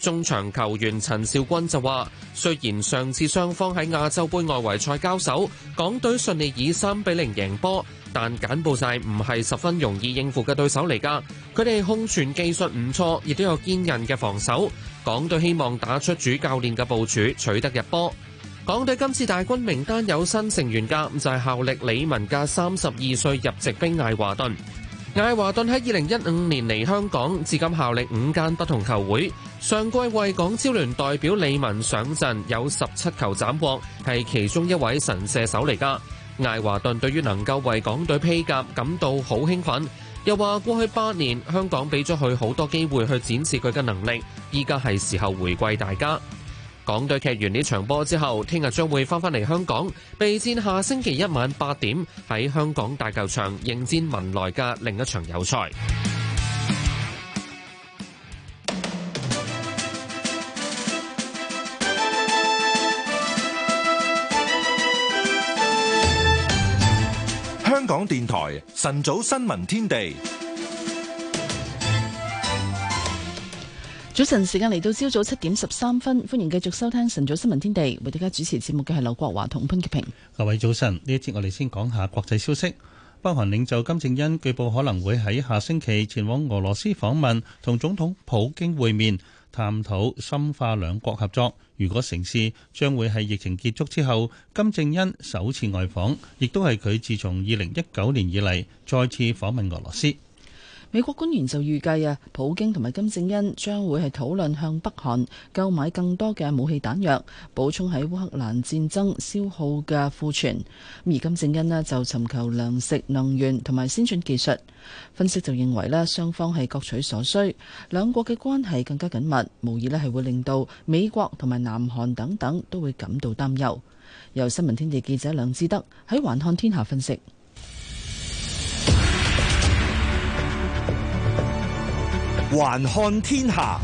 中場球員陳肇鈞就話：雖然上次雙方喺亞洲杯外圍賽交手，港隊順利以三比零贏波，但柬埔寨唔係十分容易應付嘅對手嚟噶。佢哋空傳技術唔錯，亦都有堅韌嘅防守。港隊希望打出主教練嘅部署，取得入波。港隊今次大軍名單有新成員噶，就係效力李文嘅三十二歲入籍兵艾華頓。艾華頓喺二零一五年嚟香港，至今效力五間不同球會。上季為港超聯代表李文上陣，有十七球斬獲，係其中一位神射手嚟㗎。艾華頓對於能夠為港隊披甲感到好興奮，又話過去八年香港俾咗佢好多機會去展示佢嘅能力，依家係時候回歸大家。港隊踢完呢場波之後，聽日將會翻返嚟香港備戰下星期一晚八點喺香港大球場迎戰文萊嘅另一場友賽。香港電台晨早新聞天地。早晨，時間嚟到朝早七點十三分，歡迎繼續收聽晨早新聞天地。為大家主持節目嘅係劉國華同潘潔平。各位早晨，呢一節我哋先講下國際消息。北韓領袖金正恩據報可能會喺下星期前往俄羅斯訪問，同總統普京會面，探討深化兩國合作。如果成事，將會係疫情結束之後金正恩首次外訪，亦都係佢自從二零一九年以嚟再次訪問俄羅斯。美國官員就預計啊，普京同埋金正恩將會係討論向北韓購買更多嘅武器彈藥，補充喺烏克蘭戰爭消耗嘅庫存。而金正恩咧就尋求糧食、能源同埋先進技術。分析就認為咧，雙方係各取所需，兩國嘅關係更加緊密，無疑咧係會令到美國同埋南韓等等都會感到擔憂。由新聞天地記者梁志德喺環看天下分析。還看天下，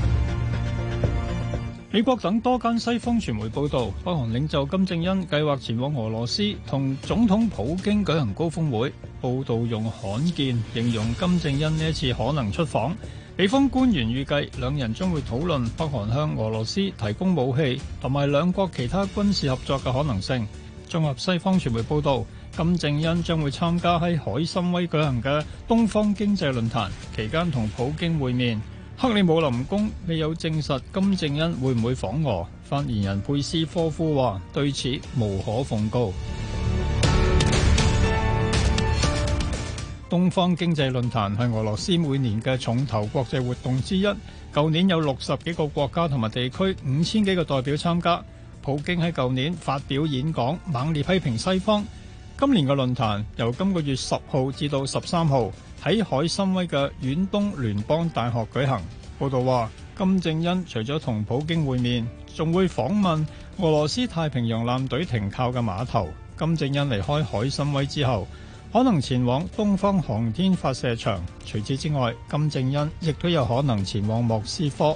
美國等多間西方傳媒報道，北韓領袖金正恩計劃前往俄羅斯同總統普京舉行高峰會。報道用罕見形容金正恩呢一次可能出訪。美方官員預計，兩人將會討論北韓向俄羅斯提供武器同埋兩國其他軍事合作嘅可能性。綜合西方傳媒報道。金正恩將會參加喺海參崴舉行嘅東方經濟論壇，期間同普京會面。克里姆林宮未有證實金正恩會唔會訪俄。發言人佩斯科夫話：對此無可奉告。 東方經濟論壇係俄羅斯每年嘅重頭國際活動之一。舊年有六十幾個國家同埋地區五千幾個代表參加。普京喺舊年發表演講，猛烈批評西方。今年嘅論壇由今個月十號至到十三號喺海參崴嘅遠東聯邦大學舉行。報道話，金正恩除咗同普京會面，仲會訪問俄羅斯太平洋艦隊停靠嘅碼頭。金正恩離開海參崴之後可能前往東方航天發射場，除此之外，金正恩亦都有可能前往莫斯科。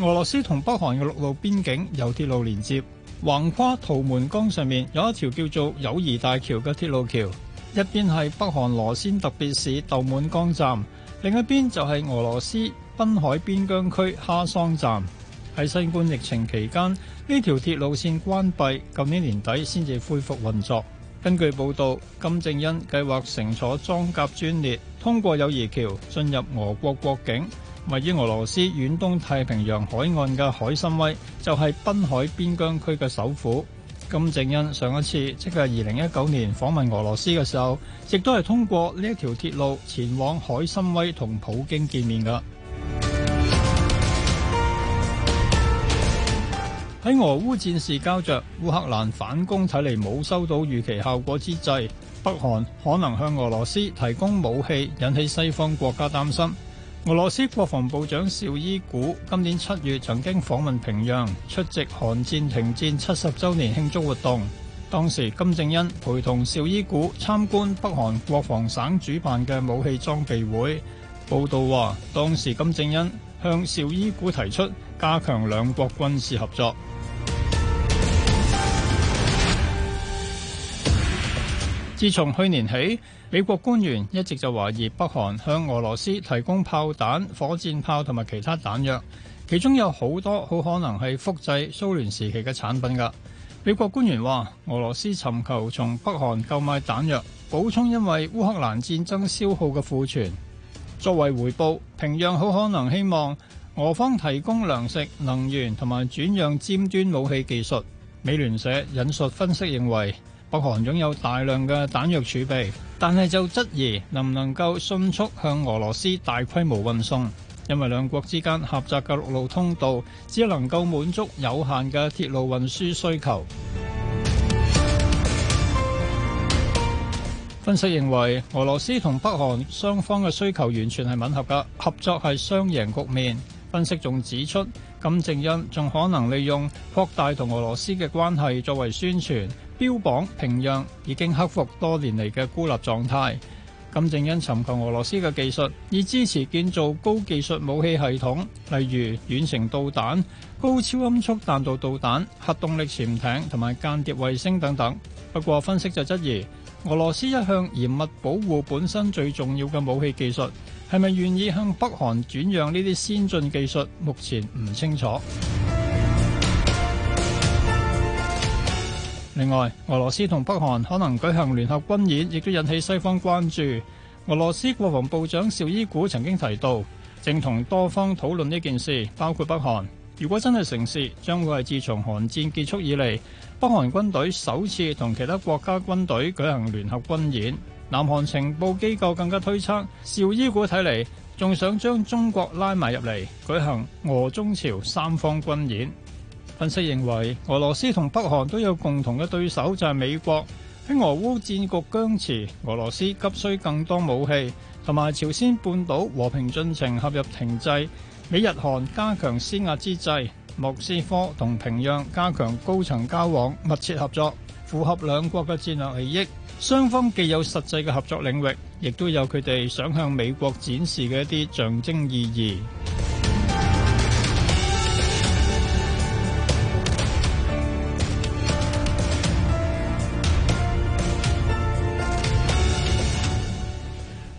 俄羅斯同北韓嘅陸路邊境有鐵路連接。橫跨圖門江上面有一條叫做友誼大橋嘅鐵路橋，一邊係北韓羅先特別市豆滿江站，另一邊就係俄羅斯濱海邊疆區哈桑站。喺新冠疫情期間，呢條鐵路線關閉，今年年底先至恢復運作。根據報道，金正恩計劃乘坐裝甲專列通過友誼橋進入俄國國境。位於俄羅斯遠東太平洋海岸嘅海參崴就係濱海邊疆區嘅首府。金正恩上一次即係二零一九年訪問俄羅斯嘅時候，亦都係通過呢一條鐵路前往海參崴同普京見面噶。喺 俄烏戰事膠着，烏克蘭反攻睇嚟冇收到預期效果之際，北韓可能向俄羅斯提供武器，引起西方國家擔心。俄羅斯國防部長紹伊古今年七月曾經訪問平壤，出席韓戰停戰七十周年慶祝活動。當時金正恩陪同紹伊古參觀北韓國防省主辦嘅武器裝備會。報道話，當時金正恩向紹伊古提出加強兩國軍事合作。自從去年起。美國官員一直就懷疑北韓向俄羅斯提供炮彈、火箭炮同埋其他彈藥，其中有好多好可能係複製蘇聯時期嘅產品㗎。美國官員話，俄羅斯尋求從北韓購買彈藥，補充因為烏克蘭戰爭消耗嘅庫存。作為回報，平壤好可能希望俄方提供糧食、能源同埋轉讓尖端武器技術。美聯社引述分析認為：北韓擁有大量嘅彈藥儲備，但係就質疑能唔能夠迅速向俄羅斯大規模運送，因為兩國之間狹窄嘅陸路通道只能夠滿足有限嘅鐵路運輸需求。 分析認為，俄羅斯同北韓雙方嘅需求完全係吻合㗎，合作係雙贏局面。分析仲指出，金正恩仲可能利用擴大同俄羅斯嘅關係作為宣傳。標榜平壤已經克服多年嚟嘅孤立狀態，金正恩尋求俄羅斯嘅技術，以支持建造高技術武器系統，例如遠程導彈、高超音速彈道導彈、核動力潛艇同埋間諜衛星等等。不過分析就質疑，俄羅斯一向嚴密保護本身最重要嘅武器技術，係咪願意向北韓轉讓呢啲先進技術？目前唔清楚。另外，俄羅斯同北韓可能舉行聯合軍演，亦都引起西方關注。俄羅斯國防部長邵伊古曾經提到，正同多方討論呢件事，包括北韓。如果真係成事，將會係自從韓戰結束以嚟，北韓軍隊首次同其他國家軍隊舉行聯合軍演。南韓情報機構更加推測，邵伊古睇嚟仲想將中國拉埋入嚟，舉行俄中朝三方軍演。分析認為，俄羅斯同北韓都有共同嘅對手就係美國。喺俄烏戰局僵持，俄羅斯急需更多武器，同埋朝鮮半島和平進程陷入停滯。美日韓加強施壓之際，莫斯科同平壤加強高層交往、密切合作，符合兩國嘅戰略利益。雙方既有實際嘅合作領域，亦都有佢哋想向美國展示嘅一啲象徵意義。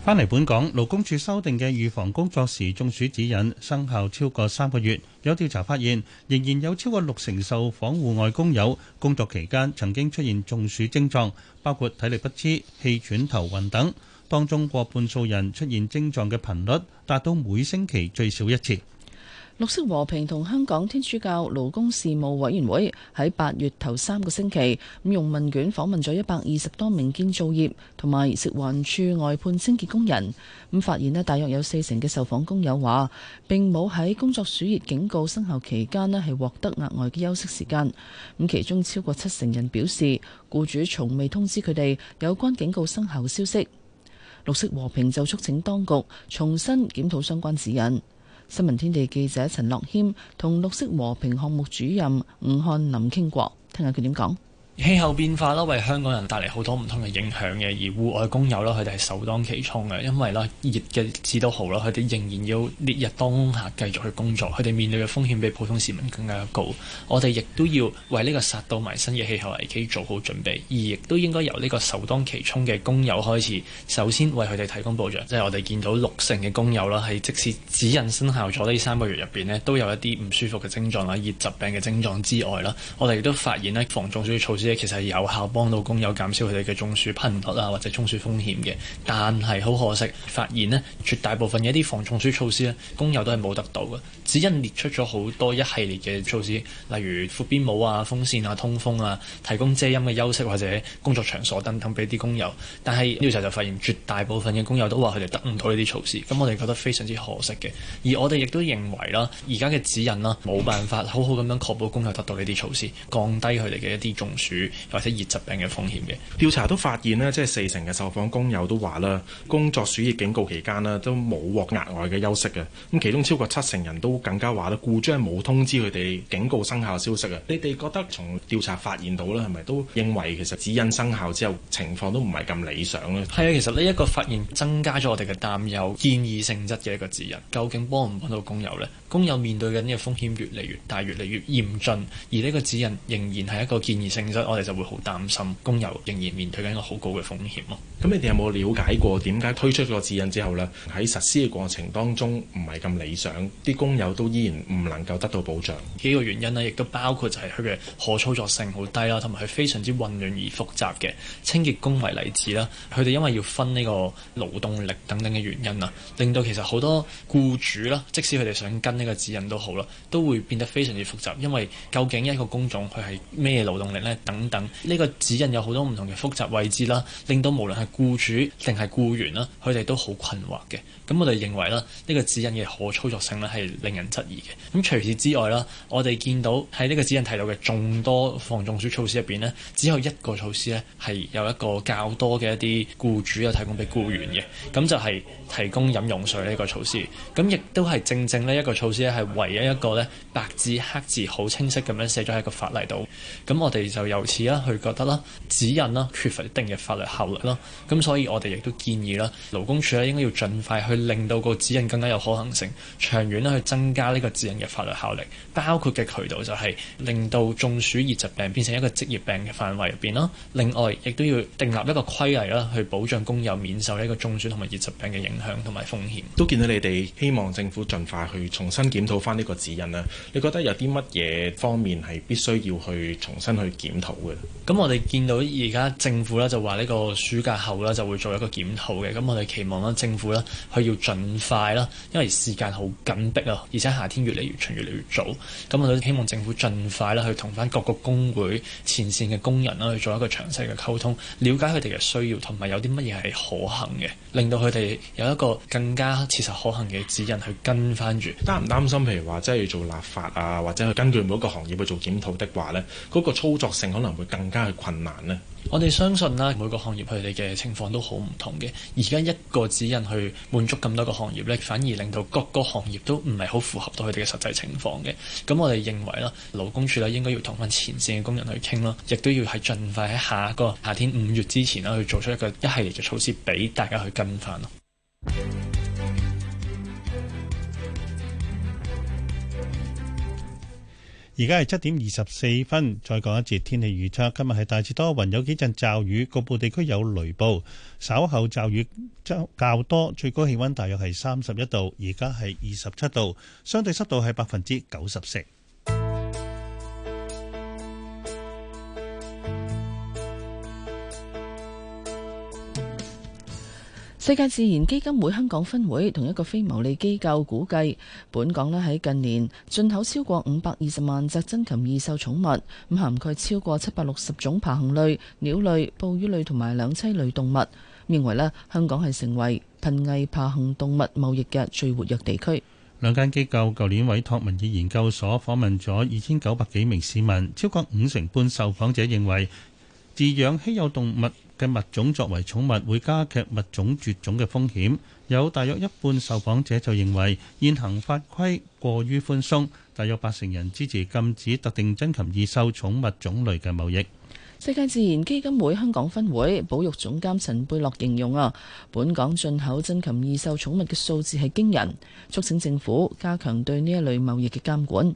翻嚟本港，勞工處修訂嘅預防工作時中暑指引，生效超過三個月，有調查發現，仍然有超過六成受訪戶外工友工作期間曾經出現中暑症狀，包括體力不支、氣喘、頭暈等，當中過半數人出現症狀嘅頻率達到每星期最少一次。綠色和平同香港天主教勞工事務委員會喺八月頭三個星期咁用問卷訪問咗一百二十多名建造業同埋食環署外判清潔工人，咁發現呢，大約有四成嘅受訪工友話並冇喺工作暑熱警告生效期間呢係獲得額外嘅休息時間，咁其中超過七成人表示僱主從未通知佢哋有關警告生效嘅消息。綠色和平就促請當局重新檢討相關指引。新聞天地記者陳樂謙同綠色和平項目主任吳漢林傾過，聽下佢點講。氣候變化啦，為香港人帶嚟好多唔同嘅影響嘅，而戶外工友啦，佢哋係首當其衝嘅，因為咧熱嘅至都好啦，佢哋仍然要烈日當下繼續去工作，佢哋面對嘅風險比普通市民更加高。我哋亦都要為呢個殺到埋身嘅氣候危機做好準備，而亦都應該由呢個首當其衝嘅工友開始，首先為佢哋提供保障。即係我哋見到六成嘅工友啦，係即使指引生效咗呢三個月入邊呢，都有一啲唔舒服嘅症狀啦，熱疾病嘅症狀之外啦，我哋亦都發現呢防中暑嘅措施，其實係有效幫到工友減少佢哋嘅中暑頻率啊，或者中暑風險嘅。但係好可惜，發現呢絕大部分嘅一啲防中暑措施呢工友都係冇得到嘅。指引列出咗好多一系列嘅措施，例如闊邊帽啊、風扇啊、通風啊、提供遮陰嘅休息或者工作場所等等俾啲工友。但係呢時候就發現絕大部分嘅工友都話佢哋得唔到呢啲措施，咁我哋覺得非常之可惜嘅。而我哋亦都認為啦，而家嘅指引啦，冇辦法好好咁樣確保工友得到呢啲措施，降低佢哋嘅一啲中暑。或者熱疾病嘅風險嘅調查都發現呢，即係四成嘅受訪工友都話啦，工作暑熱警告期間呢都冇獲額外嘅休息嘅。咁其中超過七成人都更加話咧，雇主冇通知佢哋警告生效消息啊。你哋覺得從調查發現到呢，係咪都認為其實指引生效之後情況都唔係咁理想呢？係啊，其實呢一個發現增加咗我哋嘅擔憂，建議性質嘅一個指引，究竟幫唔幫到工友呢？工友面對緊嘅風險越嚟越大，越嚟越嚴峻，而呢個指引仍然係一個建議性質，我哋就會好擔心工友仍然面對緊一個好高嘅風險咯。咁你哋有冇瞭解過點解推出咗指引之後呢，喺實施嘅過程當中唔係咁理想，啲工友都依然唔能夠得到保障？幾個原因呢，亦都包括就係佢嘅可操作性好低啦，同埋佢非常之混亂而複雜嘅。清潔工為例子啦，佢哋因為要分呢個勞動力等等嘅原因啊，令到其實好多僱主啦，即使佢哋想跟呢個指引都好啦，都會變得非常之複雜，因為究竟一個工種佢係咩勞動力咧等等，呢個指引有好多唔同嘅複雜位置啦，令到無論係僱主定係僱員啦，佢哋都好困惑嘅。咁我哋認為啦，呢個指引嘅可操作性咧係令人質疑嘅。咁除此之外啦，我哋見到喺呢個指引提到嘅眾多防中暑措施入邊咧，只有一個措施咧係有一個較多嘅一啲僱主有提供俾僱員嘅，咁就係提供飲用水呢個措施。咁亦都係正正咧一個措。只係唯一一個咧白字黑字好清晰咁樣寫咗喺個法例度，咁我哋就由此啦去覺得啦指引啦缺乏一定嘅法律效力咯，咁所以我哋亦都建議啦勞工處咧應該要盡快去令到個指引更加有可行性，長遠去增加呢個指引嘅法律效力，包括嘅渠道就係令到中暑熱疾病變成一個職業病嘅範圍入邊啦。另外亦都要訂立一個規例啦，去保障工友免受呢個中暑同埋熱疾病嘅影響同埋風險。都見到你哋希望政府盡快去重新檢討翻呢個指引啦。你覺得有啲乜嘢方面係必須要去重新去檢討嘅？咁我哋見到而家政府咧就話呢個暑假後咧就會做一個檢討嘅。咁我哋期望啦，政府咧佢要盡快啦，因為時間好緊迫啊，而且夏天越嚟越長，越嚟越早。咁我哋希望政府盡快啦，去同翻各個工會前線嘅工人啦去做一個詳細嘅溝通，了解佢哋嘅需要，同埋有啲乜嘢係可行嘅，令到佢哋有一個更加切實可行嘅指引去跟翻住。行擔心，譬如話，真係要做立法啊，或者去根據每一個行業去做檢討的話呢，嗰個操作性可能會更加去困難呢，我哋相信啦，每個行業佢哋嘅情況都好唔同嘅。而家一個指引去滿足咁多個行業呢，反而令到各個行業都唔係好符合到佢哋嘅實際情況嘅。咁我哋認為啦，勞工處咧應該要同翻前線嘅工人去傾咯，亦都要係盡快喺下一個夏天五月之前呢去做出一個一系列嘅措施俾大家去跟翻咯。 而家係七點二十四分，再講一節天氣預測。今日係大致多雲，有幾陣驟雨，局部地區有雷暴。稍後驟雨將較多，最高氣溫大約係三十一度。而家係二十七度，相對濕度係百分之九十四。世界自然基金會香港分會同一個非牟利機構估計本港咧喺近年進口超過五百二十萬隻珍禽異獸寵物，咁涵蓋超過七百六十種爬行類、鳥類、哺乳類同埋兩棲類動物。認為咧，香港係成為瀕危爬行動物貿易嘅最活躍地區。兩間機構舊年委託民意研究所訪問咗二千九百幾名市民，超過五成半受訪者認為飼養稀有動物嘅物種作為寵物會加劇物種絕種嘅風險，有大約一半受訪者就認為現行法規過於寬鬆，大約八成人支持禁止特定珍禽異獸寵物種類嘅貿易。世界自然基金會香港分會保育總監陳貝洛形容啊，本港進口珍禽異獸寵物嘅數字係驚人，促請政府加強對呢一類貿易嘅監管。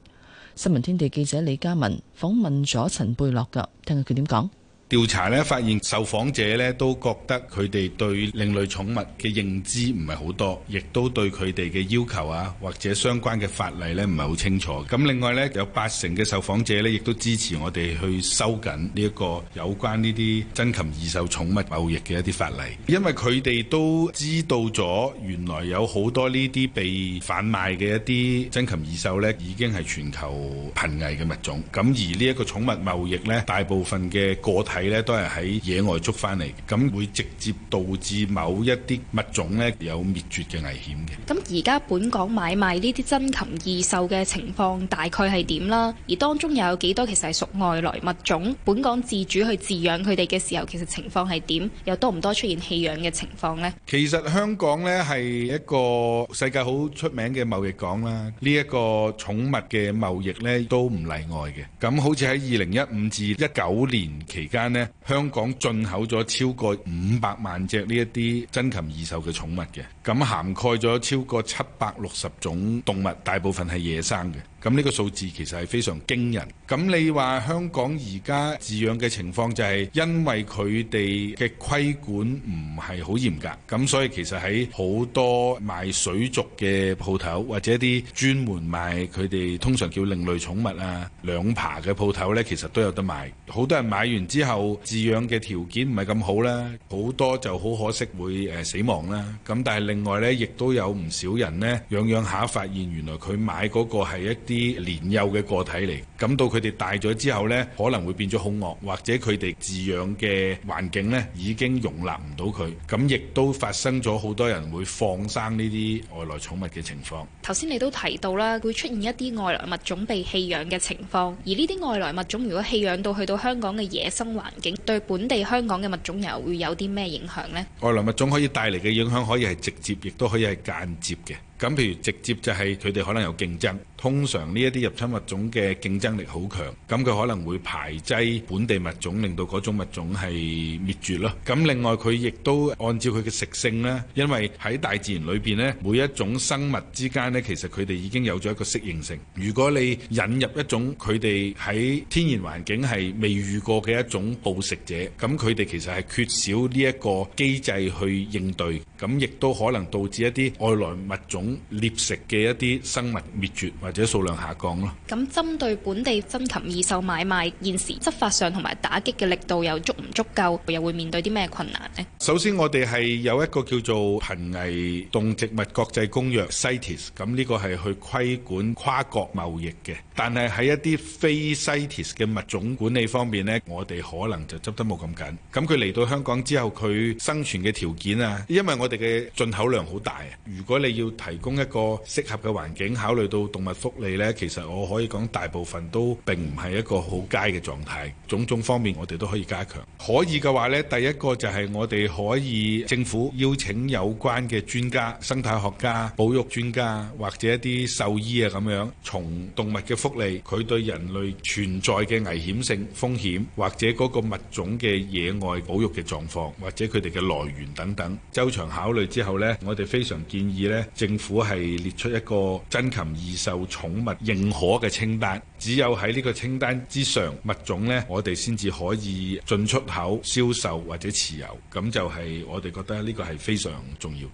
新聞天地記者李嘉文訪問咗陳貝洛㗎，聽下佢點講。調查咧，發現受訪者咧都覺得佢哋對另類寵物嘅認知唔係好多，亦都對佢哋嘅要求啊或者相關嘅法例咧唔係好清楚。咁另外咧，有八成嘅受訪者咧亦都支持我哋去收緊呢一個有關呢啲珍禽異獸寵物貿易嘅一啲法例，因為佢哋都知道咗原來有好多呢啲被販賣嘅一啲珍禽異獸咧已經係全球瀕危嘅物種。咁而呢一個寵物貿易咧，大部分嘅個體係咧，都係喺野外捉翻嚟，咁會直接導致某一啲物種咧有滅絕嘅危險嘅。咁而家本港買賣呢啲珍禽異獸嘅情況大概係點啦？而當中又有幾多其實係屬外來物種？本港自主去飼養佢哋嘅時候，其實情況係點？又多唔多出現棄養嘅情況呢？其實香港呢係一個世界好出名嘅貿易港啦，呢一個寵物嘅貿易呢都唔例外嘅。咁好似喺二零一五至一九年期間，香港進口咗超過五百萬隻呢一啲珍禽異獸嘅寵物嘅，咁涵蓋咗超過七百六十種動物，大部分係野生嘅。咁呢個數字其實係非常驚人。咁你話香港而家飼養嘅情況就係因為佢哋嘅規管唔係好嚴格，咁所以其實喺好多賣水族嘅鋪頭或者啲專門賣佢哋通常叫另類寵物啊，兩爬嘅鋪頭呢，其實都有得賣。好多人買完之後飼養嘅條件唔係咁好啦，好多就好可惜會誒死亡啦。咁但係另外呢，亦都有唔少人呢養養下發現原來佢買嗰個係一啲啲年幼嘅個體嚟，咁到佢哋大咗之後呢，可能會變咗兇惡，或者佢哋飼養嘅環境呢已經容納唔到佢，咁亦都發生咗好多人會放生呢啲外來寵物嘅情況。頭先你都提到啦，會出現一啲外來物種被棄養嘅情況，而呢啲外來物種如果棄養到去到香港嘅野生環境，對本地香港嘅物種又會有啲咩影響呢？外來物種可以帶嚟嘅影響可以係直接，亦都可以係間接嘅。咁譬如直接就係佢哋可能有競爭，通常呢一啲入侵物種嘅競爭力好強，咁佢可能會排擠本地物種，令到嗰種物種係滅絕咯。咁另外佢亦都按照佢嘅食性呢，因為喺大自然裏邊呢，每一種生物之間呢，其實佢哋已經有咗一個適應性。如果你引入一種佢哋喺天然環境係未遇過嘅一種捕食者，咁佢哋其實係缺少呢一個機制去應對。咁亦都可能導致一啲外來物種獵食嘅一啲生物滅絕或者數量下降咯。咁針對本地珍禽異獸買賣，現時執法上同埋打擊嘅力度又足唔足夠，又會面對啲咩困難咧？首先我哋係有一個叫做《瀕危動植物國際公約 s i t e s 咁呢個係去規管跨國貿易嘅。但係喺一啲非 s i t e s 嘅物種管理方面咧，我哋可能就執得冇咁緊，咁佢嚟到香港之後，佢生存嘅條件啊，因為我我哋嘅進口量好大，如果你要提供一個適合嘅環境，考慮到動物福利呢，其實我可以講大部分都並唔係一個好佳嘅狀態。種種方面，我哋都可以加強。可以嘅話呢，第一個就係我哋可以政府邀請有關嘅專家、生態學家、保育專家或者一啲獸醫啊咁樣，從動物嘅福利、佢對人類存在嘅危險性風險，或者嗰個物種嘅野外保育嘅狀況，或者佢哋嘅來源等等，周長。考慮之後呢，我哋非常建議呢，政府係列出一個珍禽異獸寵物認可嘅清單，只有喺呢個清單之上物種呢，我哋先至可以進出口、銷售或者持有。咁就係我哋覺得呢個係非常重要。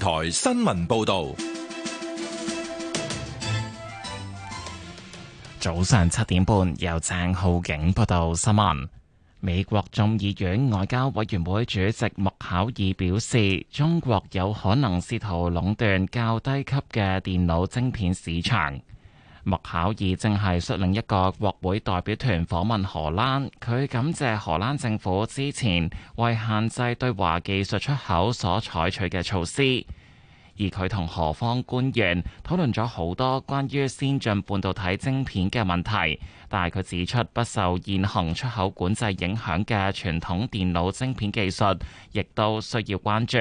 台新聞報道，早上七點半由鄭浩景報道新聞。美國眾議院外交委員會主席麥考爾表示，中國有可能試圖壟斷較低級嘅電腦晶片市場。莫考爾正係率領一個國會代表團訪問荷蘭，佢感謝荷蘭政府之前為限制對華技術出口所採取嘅措施，而佢同荷方官員討論咗好多關於先進半導體晶片嘅問題，但係佢指出不受現行出口管制影響嘅傳統電腦晶片技術，亦都需要關注。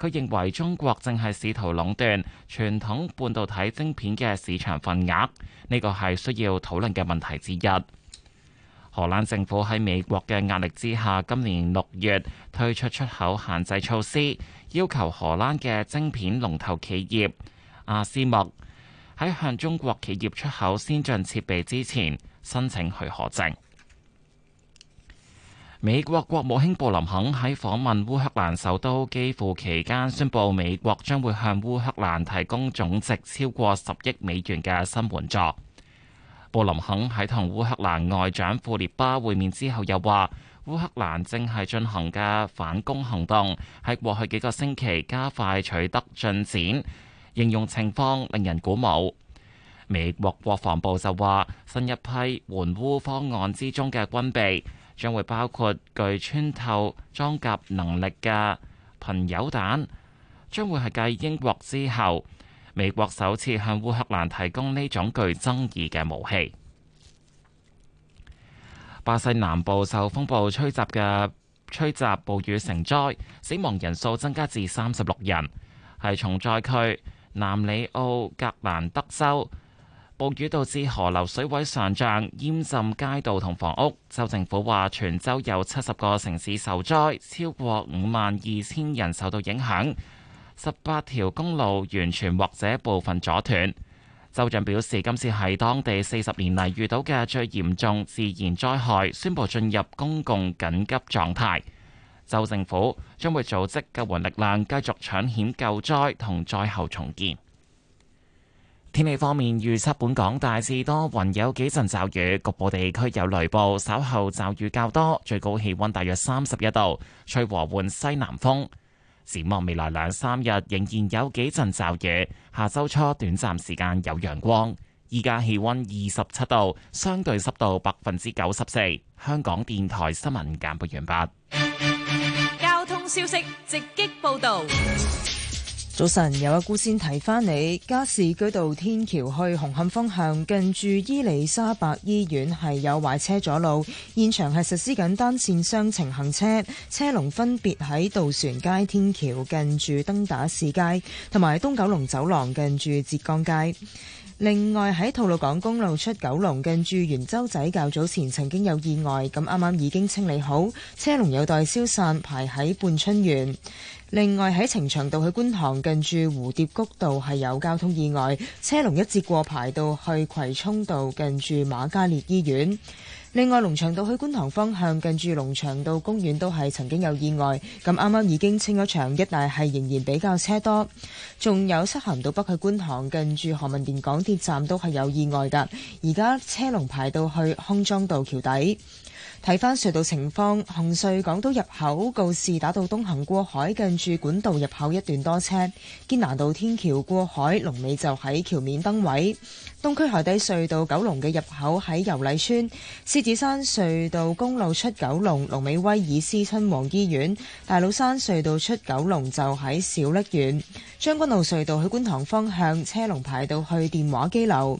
佢認為中國正係試圖壟斷傳統半導體晶片嘅市場份額，呢個係需要討論嘅問題之一。荷蘭政府喺美國嘅壓力之下，今年六月推出出口限制措施，要求荷蘭嘅晶片龍頭企業阿斯莫喺向中國企業出口先進設備之前申請許可證。美國國務卿布林肯喺訪問烏克蘭首都基輔期間宣布，美國將會向烏克蘭提供總值超過十億美元嘅新援助。布林肯喺同烏克蘭外長庫列巴會面之後又，又話烏克蘭正係進行嘅反攻行動喺過去幾個星期加快取得進展，形容情況令人鼓舞。美國國防部就話，新一批援烏方案之中嘅軍備。將會包括具穿透裝甲能力嘅貧鈾彈，將會係繼英國之後，美國首次向烏克蘭提供呢種具爭議嘅武器。巴西南部受風暴吹襲嘅吹襲，暴雨成災，死亡人數增加至三十六人，係重災區南里奧格蘭德州。暴雨導致河流水位上漲，淹浸街道同房屋。州政府話，全州有七十個城市受災，超過五萬二千人受到影響，十八條公路完全或者部分阻斷。州長表示，今次係當地四十年嚟遇到嘅最嚴重自然災害，宣布進入公共緊急狀態。州政府將會組織救援力量，繼續搶險救災同災後重建。天氣方面，預測本港大致多雲，有幾陣驟雨，局部地區有雷暴，稍後驟雨較多，最高氣溫大約三十一度，吹和緩西南風。展望未來兩三日仍然有幾陣驟雨，下周初短暫時間有陽光。依家氣溫二十七度，相對濕度百分之九十四。香港電台新聞簡報完畢。交通消息直擊報道。早晨，有一個先提翻你，加士居道天橋去紅磡方向近住伊利沙伯醫院係有壞車阻路，現場係實施緊單線雙程行車，車龍分別喺渡船街天橋近住登打士街，同埋東九龍走廊近住浙江街。另外喺吐露港公路出九龍近住圓洲仔，較早前曾經有意外，咁啱啱已經清理好，車龍有待消散，排喺半春園。另外喺呈祥道去觀塘近住蝴蝶谷道係有交通意外，車龍一截過排到去葵涌道近住瑪嘉烈醫院。另外龍翔道去觀塘方向近住龍翔道公園都係曾經有意外，咁啱啱已經清咗場，但係仍然比較車多。仲有漆咸道北去觀塘近住何文田港鐵站都係有意外㗎，而家車龍排到去康莊道橋底。睇翻隧道情況，紅隧港島入口告士打道東行過海近住管道入口一段多車，堅拿道天橋過海龍尾就喺橋面燈位。東區海底隧道九龍嘅入口喺油麗村，獅子山隧道公路出九龍龍尾威爾斯親王醫院，大老山隧道出九龍就喺小瀝源，將軍澳隧道去觀塘方向車龍排到去電話機樓。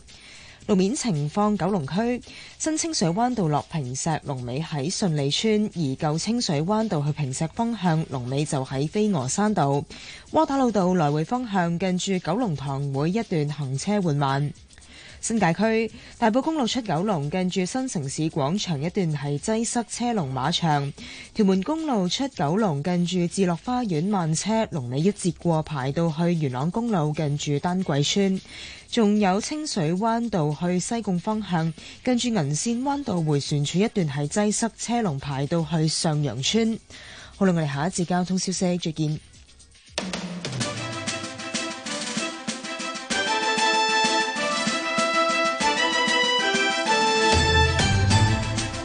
路面情況，九龍區新清水灣道落坪石龍尾喺順利村，而舊清水灣道去坪石方向龍尾就喺飛鵝山道。窩打老道來回方向近住九龍塘每一段行車緩慢。新界區大埔公路出九龍近住新城市廣場一段係擠塞車龍馬場。屯門公路出九龍近住置樂花園慢車龍尾一截過排到去元朗公路近住丹桂村。仲有清水灣道去西貢方向，跟住銀線灣道回旋處一段係擠塞，車龍排到去上洋村。好啦，我哋下一節交通消息，再見。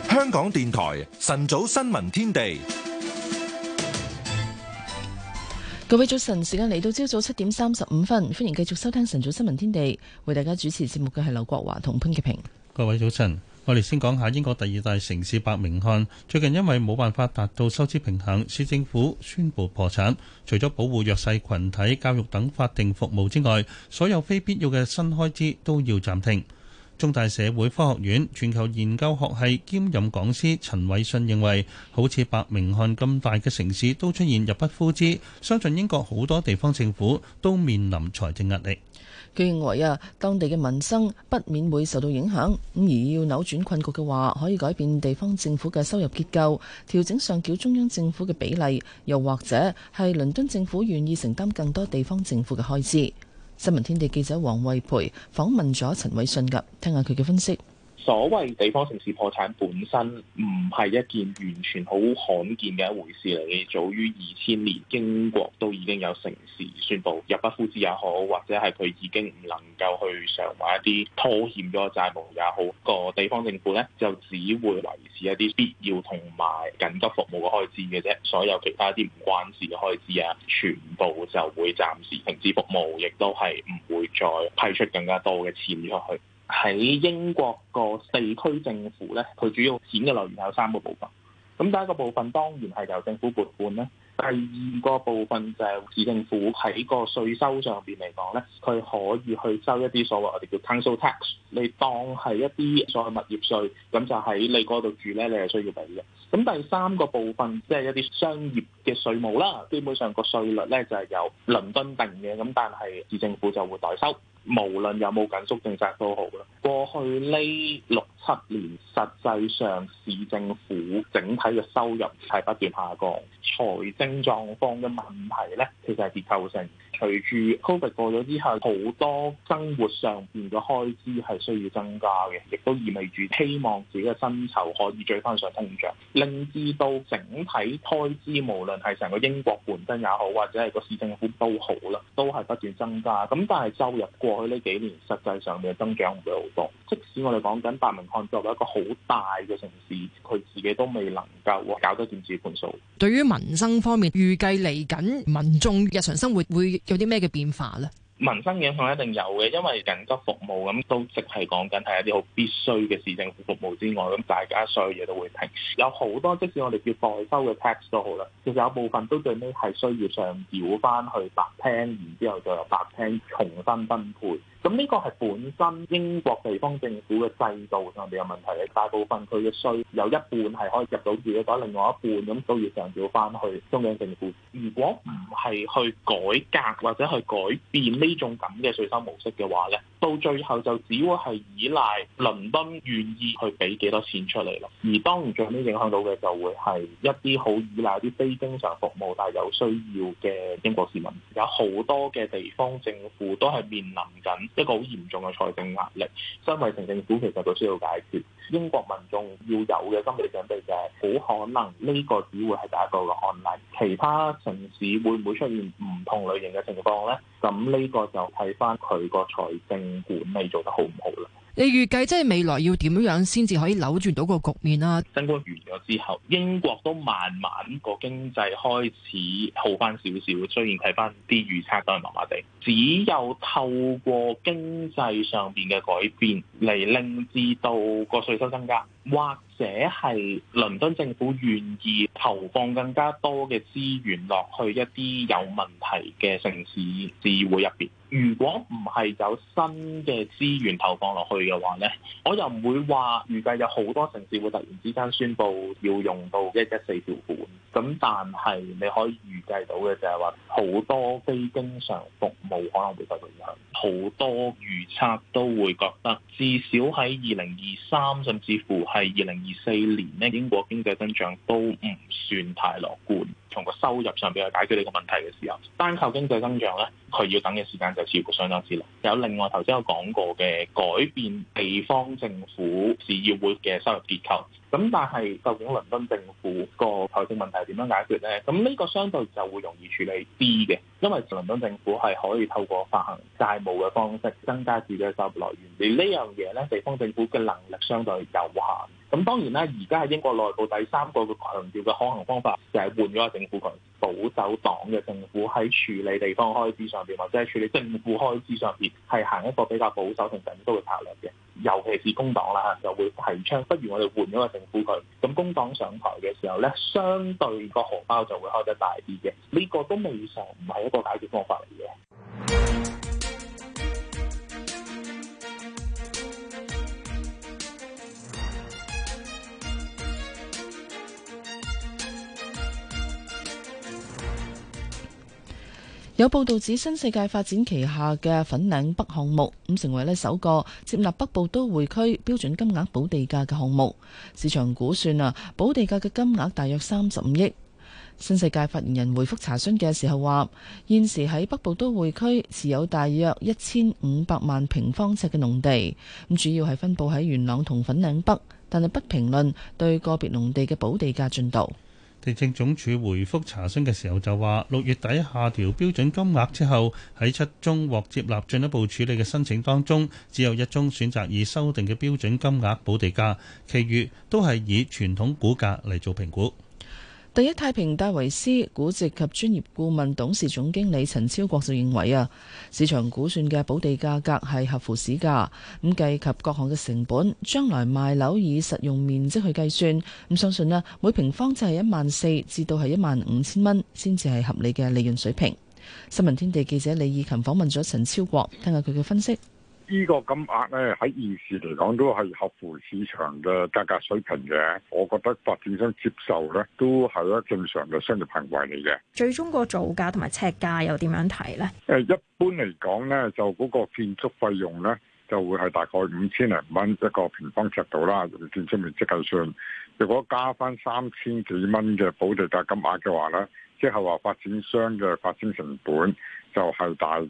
香港電台晨早新聞天地。各位早晨，時間嚟到朝早七點三十五分，歡迎繼續收聽晨早新聞天地。為大家主持節目嘅係劉國華同潘潔平。各位早晨，我哋先講下英國第二大城市伯明翰，最近因為冇辦法達到收支平衡，市政府宣布破產。除咗保護弱勢群體、教育等法定服務之外，所有非必要嘅新開支都要暫停。中大社會科學院全球研究學系兼任講師陳偉信認為，好似伯明翰咁大嘅城市都出現入不敷支，相信英國好多地方政府都面臨財政壓力。佢認為啊，當地嘅民生不免會受到影響。咁而要扭轉困局嘅話，可以改變地方政府嘅收入結構，調整上繳中央政府嘅比例，又或者係倫敦政府願意承擔更多地方政府嘅開支。新聞天地記者黃慧培訪問咗陳偉信，噉聽下佢嘅分析。所謂地方城市破產本身唔係一件完全好罕見嘅一回事嚟，早於二千年英國都已經有城市宣布入不敷支也好，或者係佢已經唔能夠去償還一啲拖欠咗嘅債務也好，個地方政府呢，就只會維持一啲必要同埋緊急服務嘅開支嘅啫，所有其他啲唔關事嘅開支啊，全部就會暫時停止服務，亦都係唔會再批出更加多嘅錢出去。喺英國個地區政府咧，佢主要錢嘅來源有三個部分。咁第一個部分當然係由政府撥款啦；第二個部分就係市政府喺個稅收上邊嚟講咧，佢可以去收一啲所謂我哋叫 Council Tax，你當係一啲所謂物業稅，咁就喺你嗰度住咧，你係需要俾嘅。咁第三個部分即係一啲商業嘅稅務啦，基本上個稅率咧就係由倫敦定嘅，咁但係市政府就會代收。無論有冇緊縮政策都好啦，過去呢六七年實際上市政府整體嘅收入係不斷下降，財政狀況嘅問題呢其實係結構性。隨住 Covid 過咗之後，好多生活上邊嘅開支係需要增加嘅，亦都意味住希望自己嘅薪酬可以追翻上，上通脹，令至到整體開支無論係成個英國本身也好，或者係個市政府都好啦，都係不斷增加。咁但係收入過去呢幾年，實際上面嘅增長唔會好多。即使我哋講緊伯明翰作為一個好大嘅城市，佢自己都未能夠搞得掂自己盤數。對於民生方面，預計嚟緊民眾日常生活會，會有啲咩嘅變化咧？民生影響一定有嘅，因為緊急服務咁都即係講緊係一啲好必須嘅市政府服務之外，咁大家所有嘢都會停。有好多即使我哋叫代收嘅 tax 都好啦，其實有部分都最尾係需要上繳返去白廳，然之後再由白廳重新分配。咁呢個係本身英國地方政府嘅制度上面有問題嘅，大部分佢嘅稅有一半係可以入到自己袋，另外一半咁都要上繳翻去中央政府。如果唔係去改革或者去改變呢種咁嘅稅收模式嘅話咧？到最後就只會係依賴倫敦願意去俾幾多錢出嚟咯，而當然最後影響到嘅就會係一啲好依賴啲非經常服務，但係有需要嘅英國市民，有好多嘅地方政府都係面臨緊一個好嚴重嘅財政壓力，三圍城政府其實都需要解決。英國民眾要有嘅心理準備就係，好可能呢個只會係第一個嘅案例，其他城市會唔會出現唔同類型嘅情況咧？咁呢個就睇翻佢個財政管理做得好唔好啦。你預計即係未來要點樣樣先至可以扭轉到個局面啦，啊？新冠完咗之後，英國都慢慢個經濟開始好翻少少，雖然睇翻啲預測都係麻麻地。只有透過經濟上邊嘅改變嚟令至到個稅收增加，或者係倫敦政府願意投放更加多嘅資源落去一啲有問題嘅城市自治會入邊。如果唔係有新嘅資源投放落去嘅話呢，我又唔會話預計有好多城市會突然之間宣布要用到一一四條款。咁但係你可以預計到嘅就係話好多非經常服務。冇可能會受到影響，好多預測都會覺得，至少喺二零二三，甚至乎係二零二四年，呢英國經濟增長都唔算太樂觀。從個收入上邊去解決呢個問題嘅時候，單靠經濟增長咧，佢要等嘅時間就似乎相當之耐。有另外頭先我講過嘅改變地方政府市議會嘅收入結構，咁但係究竟倫敦政府個財政問題點樣解決咧？咁呢個相對就會容易處理啲嘅，因為倫敦政府係可以透過發行債務嘅方式增加自己嘅收入來源，而呢樣嘢咧，地方政府嘅能力相對有限。咁當然啦，而家喺英國內部第三個嘅強調嘅可行方法就係換咗個政府群，保守黨嘅政府喺處理地方開支上邊，或者係處理政府開支上邊，係行一個比較保守同緊縮嘅策略嘅。尤其是工黨啦，就會提倡不如我哋換咗個政府群。咁工黨上台嘅時候咧，相對個荷包就會開得大啲嘅。呢個都未嘗唔係一個解決方法嚟嘅。有報道指新世界發展旗下嘅粉嶺北項目咁成為咧首個接納北部都會區標準金額補地價嘅項目，市場估算啊補地價嘅金額大約三十五億。新世界發言人回覆查詢嘅時候話：現時喺北部都會區持有大約一千五百萬平方尺嘅農地，咁主要係分佈喺元朗同粉嶺北，但係不評論對個別農地嘅補地價進度。地政總署回覆查詢嘅時候就話，六月底下調標準金額之後，喺七宗獲接納進一步處理嘅申請當中，只有一宗選擇以修訂嘅標準金額補地價，其餘都係以傳統股價嚟做評估。第一太平戴維斯估值及專業顧問董事總經理陳超國就認為啊，市場估算嘅保地價格係合乎市價，咁計及各項嘅成本，將來賣樓以實用面積去計算，咁相信咧每平方就係一萬四至到係一萬五千蚊先至係合理嘅利潤水平。新聞天地記者李以琴訪問咗陳超國，聽下佢嘅分析。呢個金額咧，喺現時嚟講都係合乎市場嘅價格水平嘅，我覺得發展商接受咧都係一正常嘅商業行為嚟嘅。最終個造價同埋尺價又點樣睇咧？誒，一般嚟講咧，就嗰個建築費用咧就會係大概五千零蚊一個平方尺度啦，建築面積計算。如果加翻三千幾蚊嘅保地價金額嘅話咧，即係話發展商嘅發展成本就係大概。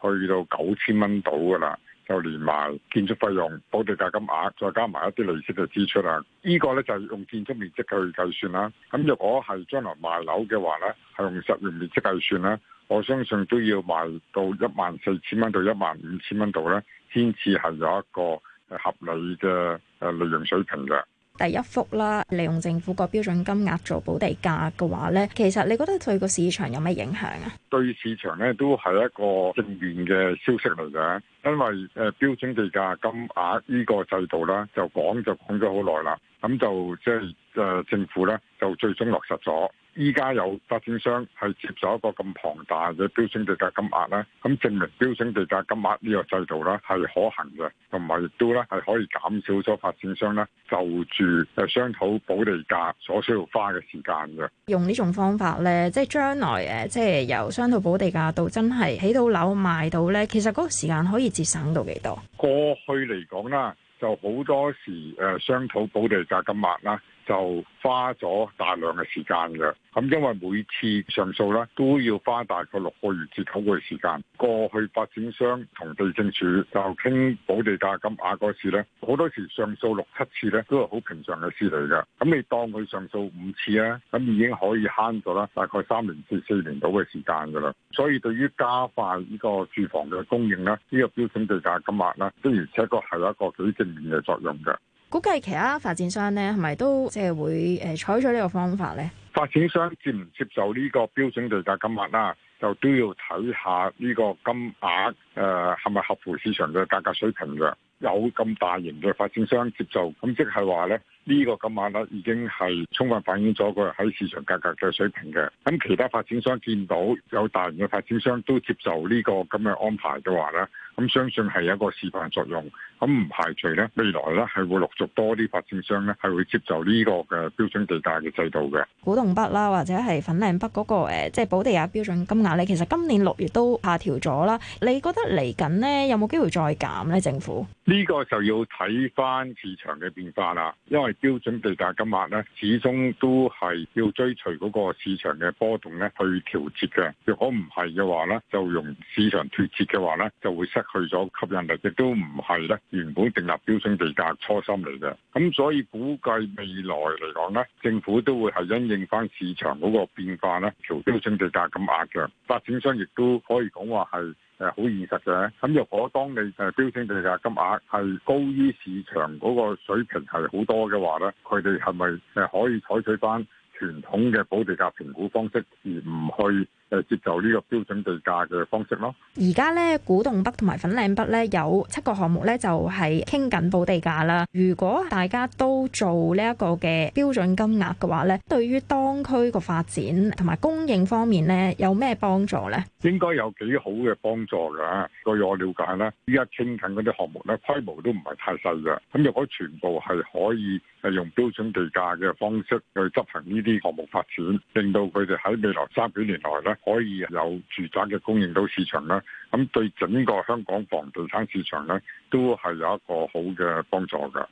去到九千蚊到噶啦，就連埋建築費用、土地價金額，再加埋一啲利息嘅支出啦。呢、這個呢，就係用建築面積去計算啦。咁若果係將來賣樓嘅話呢，係用實用面積計算啦。我相信都要賣到一萬四千蚊到一萬五千蚊度呢，先至係有一個合理嘅，誒利潤水平嘅。第一幅啦，利用政府個標準金額做補地價嘅話咧，其實你覺得對個市場有咩影響啊？對市場咧都係一個正面嘅消息嚟嘅。因為誒標準地價金額呢個制度啦，就講就講咗好耐啦，咁就即係誒政府咧就最終落實咗，依家有發展商係接受一個咁龐大嘅標準地價金額咧，咁證明標準地價金額呢個制度咧係可行嘅，同埋亦都咧係可以減少咗發展商咧就住誒商討補地價所需要花嘅時間嘅。用呢種方法咧，即係將來誒，即係由商討補地價到真係起到樓賣到咧，其實嗰個時間可以。節省到幾多？過去嚟講啦，就好多時誒、呃，商討保地價金額啦。就花咗大量嘅時間嘅，咁因為每次上訴咧都要花大概六個月至九個月時間。過去發展商同地政署就傾補地價金額嗰次咧，好多時上訴六七次咧都係好平常嘅事嚟嘅。咁你當佢上訴五次咧，咁已經可以慳咗啦，大概三年至四年到嘅時間噶啦。所以對於加快呢個住房嘅供應咧，呢、這個標準地價金額咧，的而且確係一個幾正面嘅作用嘅。估計其他發展商咧係咪都即係會誒採取呢個方法咧？發展商接唔接受呢個標準地價金額啦，就都要睇下呢個金額誒係咪合乎市場嘅價格水平嘅。有咁大型嘅發展商接受，咁即係話咧呢個金額咧已經係充分反映咗佢喺市場價格嘅水平嘅。咁其他發展商見到有大型嘅發展商都接受呢個咁嘅安排嘅話咧。咁相信係一個示範作用，咁唔排除咧，未來咧係會陸續多啲發展商咧係會接受呢個嘅標準地價嘅制度嘅。古洞北啦，或者係粉嶺北嗰，那個誒、呃，即係補地價標準金額，你其實今年六月都下調咗啦。你覺得嚟緊咧有冇機會再減咧？政府呢個就要睇翻市場嘅變化啦，因為標準地價金額咧始終都係要追隨嗰個市場嘅波動咧去調節嘅。若果唔係嘅話咧，就用市場脫節嘅話咧，就會失。去咗吸引力亦都唔係咧，原本定立標準地價初心嚟嘅，咁所以估計未來嚟講咧，政府都會係因應翻市場嗰個變化咧，調標準地價金額嘅發展商亦都可以講話，係誒好現實嘅。咁若果當你誒標準地價金額係高於市場嗰個水平係好多嘅話咧，佢哋係咪誒可以採取翻傳統嘅保地價評估方式而唔去？誒接受呢個標準地價嘅方式咯。而家咧，古洞北同埋粉嶺北咧，有七個項目咧，就係傾緊補地價啦。如果大家都做呢一個嘅標準金額嘅話咧，對於當區個發展同埋供應方面咧，有咩幫助咧？應該有幾好嘅幫助㗎。據我了解咧，依家傾緊嗰啲項目咧，規模都唔係太細嘅。咁如果全部係可以係用標準地價嘅方式去執行呢啲項目發展，令到佢哋喺未來三幾年內咧，可以有住宅嘅供應到市場啦。咁對整個香港房地產市場咧，都係有一個好嘅幫助㗎。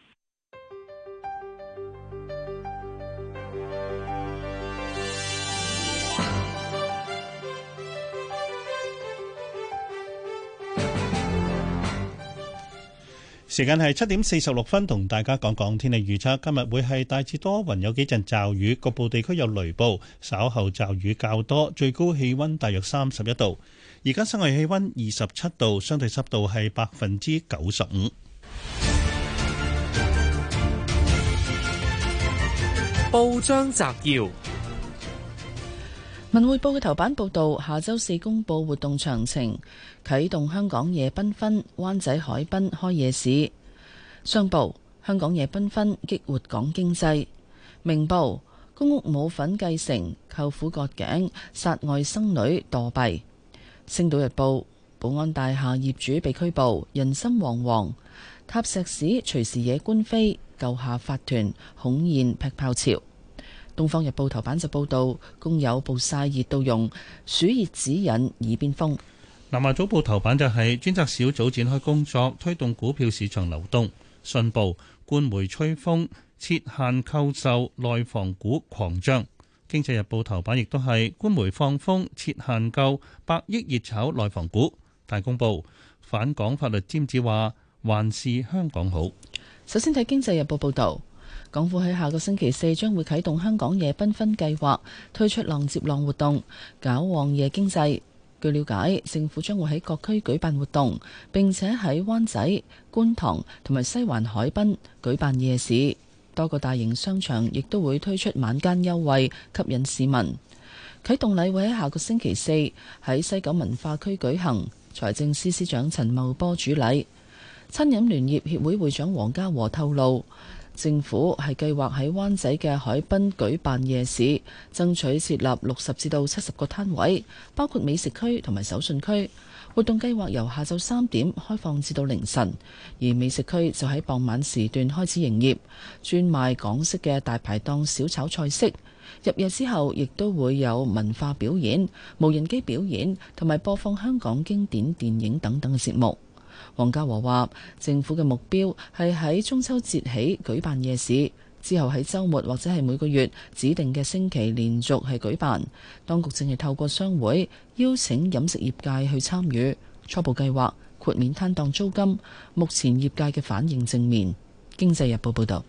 時間係七點四十六分，同大家講講天氣預測。今日會係大致多雲，有幾陣驟雨，局部地區有雷暴。稍後驟雨較多，最高氣温大約三十一度。而家室外氣温二十七度，相對濕度係百分之九十五。報章摘要。文匯報嘅頭版報道，下周四公布活動詳情，啟動香港夜繽紛，灣仔海濱開夜市。商報：香港夜繽紛激活港經濟。明報：公屋冇份繼承，舅父割頸殺外甥女墮斃。星島日報：保安大廈業主被拘捕，人心惶惶。塔石市隨時惹官非，救下法團恐現劈炮潮,潮。《東方日報》頭版就報道，工友暴曬熱到溶，暑熱指引耳邊風。《南華早報》頭版就係專責小組展開工作，推動股票市場流動。信報，官媒吹風，撤限購售內房股狂漲。《經濟日報》頭版亦都係官媒放風，撤限購百億熱炒內房股。大公報反港法律尖子話，還是香港好。首先睇《經濟日報》報道。港府喺下個星期四將會啟動香港夜繽紛計劃，推出浪接浪活動，搞旺夜經濟。據了解，政府將會喺各區舉辦活動，並且喺灣仔、觀塘同埋西環海濱舉辦夜市。多個大型商場亦都會推出晚間優惠，吸引市民。啟動禮會喺下個星期四喺西九文化區舉行，財政司司長陳茂波主禮。餐飲聯業協會會長黃家和透露。政府係計劃喺灣仔嘅海濱舉辦夜市，爭取設立六十至到七十個攤位，包括美食區同埋手信區。活動計劃由下晝三點開放至到凌晨，而美食區就喺傍晚時段開始營業，專賣港式嘅大排檔小炒菜式。入夜之後，亦都會有文化表演、無人機表演同埋播放香港經典電影等等嘅節目。黃家和話：政府嘅目標係喺中秋節起舉辦夜市，之後喺周末或者係每個月指定嘅星期連續係舉辦。當局正係透過商會邀請飲食業界去參與。初步計劃豁免攤檔租金，目前業界嘅反應正面。《經濟日報》報道。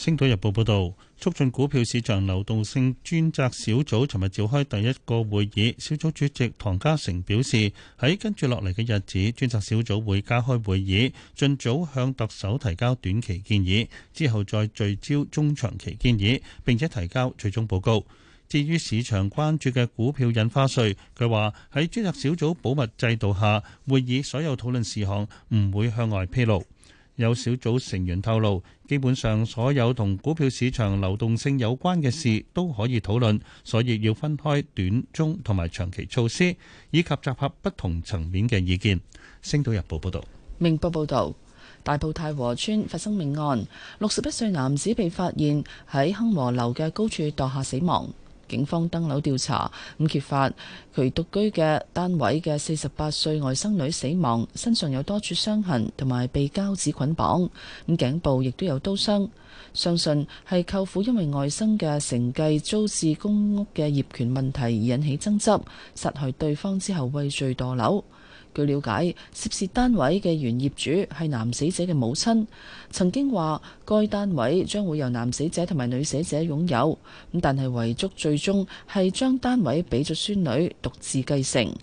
《星島日報》報導，促進股票市場流動性專責小組尋日召開第一個會議，小組主席唐家成表示，喺跟住落嚟嘅日子，專責小組會加開會議，盡早向特首提交短期建議，之後再聚焦中長期建議，並且提交最終報告。至於市場關注嘅股票印花稅，佢話喺專責小組保密制度下，會議所有討論事項唔會向外披露。有小組成員透露，基本上所有同股票市場流動性有關嘅事都可以討論，所以要分開短、中同埋長期措施，以及集合不同層面嘅意見。星島日報報導。明報報導，大埔太和村發生命案，六十一歲男子被發現喺亨和樓嘅高處墮下死亡。警方登樓調查，咁揭發佢獨居嘅單位嘅四十八歲外甥女死亡，身上有多處傷痕，同埋被膠紙捆綁，咁頸部亦都有刀傷。相信係舅父因為外甥嘅承繼租置公屋嘅業權問題而引起爭執，殺害對方之後畏罪墮樓。據了解，涉事單位嘅原業主係男死者嘅母親，曾經話該單位將會由男死者同埋女死者擁有。咁但係遺囑最終係將單位俾咗孫女獨自繼承。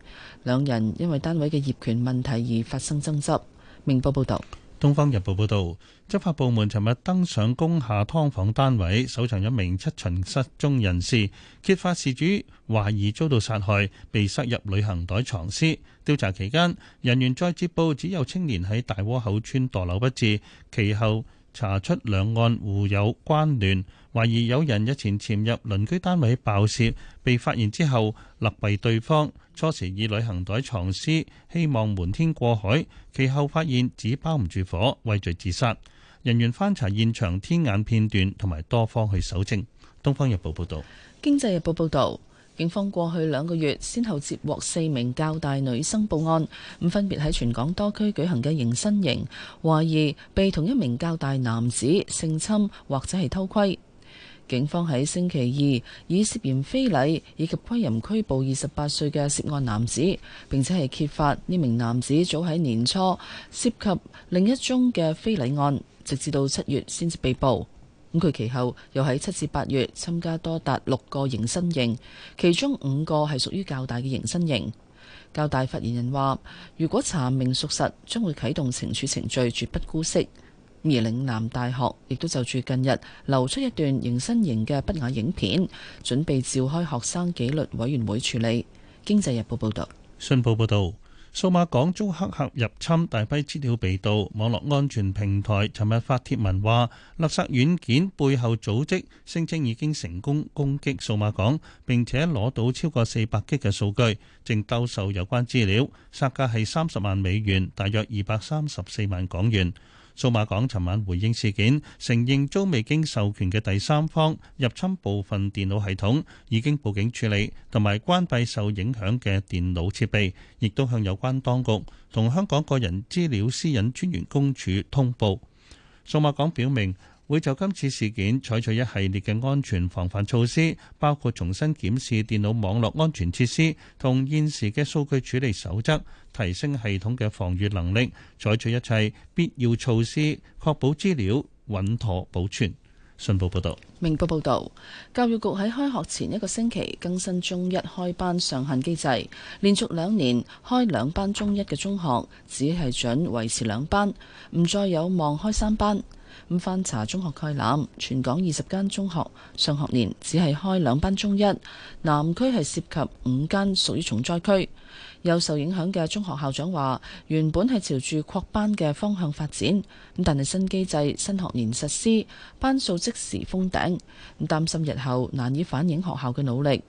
兩人因為單位嘅業權問題而發生爭執。明報報道，東方日報報道，執法部門尋日登上工廈劏房單位，搜尋一名七旬失蹤人士，揭發事主懷疑遭到殺害，被塞入旅行袋藏屍。調查期間，人員再接報，指有青年喺大窩口村墮樓不治。其後查出兩岸互有關聯，懷疑有人日前潛入鄰居單位爆竊，被發現之後勒斃對方。初時以旅行袋藏屍，希望瞞天過海。其後發現紙包唔住火，畏罪自殺。人員翻查現場天眼片段同埋多方去搜證。《東方日報》報道。《經濟日報》報導。警方過去兩個月，先後接獲四名教大女生報案，咁分別喺全港多區舉行嘅迎新營，懷疑被同一名教大男子性侵或者係偷窺。警方喺星期二以涉嫌非禮以及窺淫拘捕二十八歲嘅涉案男子，並且係揭發呢名男子早喺年初涉及另一宗嘅非禮案，直至到七月先至被捕。根據其後又喺七至八月參加多達六個迎新營，其中五個係屬於較大嘅迎新營。較大發言人話，如果查明屬實，將會啟動懲處程序，絕不姑息。而嶺南大學亦都就住近日流出一段迎新營嘅不雅影片，準備召開學生紀律委員會處理。經濟日報報道。信報報導。數碼港遭黑客入侵，大批資料被盜。網絡安全平台尋日發帖文話，勒索軟件背後組織聲稱已經成功攻擊數碼港，並且攞到超過四百 G 嘅數據，正兜售有關資料，殺價係三十萬美元，大約二百三十四萬港元。數碼港尋晚回應事件，承認遭未經授權嘅第三方入侵部分電腦系統，已經報警處理，同埋關閉受影響嘅電腦設備，亦都向有關當局同香港個人資料私隱專員公署通報。數碼港表明，會就今次事件採取一系列嘅安全防範措施，包括重新檢視電腦網絡安全設施同現時嘅數據處理守則，提升系統嘅防禦能力，採取一切必要措施，確保資料穩妥保存。信報報導，明報報道：教育局喺開學前一個星期更新中一開班上限機制，連續兩年開兩班中一嘅中學，只係準維持兩班，唔再有望開三班。咁翻查中學概覽，全港二十間中學上學年只係開兩班中一，南區係涉及五間屬於重災區，有受影響嘅中學校長話原本係朝住擴班嘅方向發展，咁但係新機制新學年實施班數即時封頂，擔心日後難以反映學校嘅努力。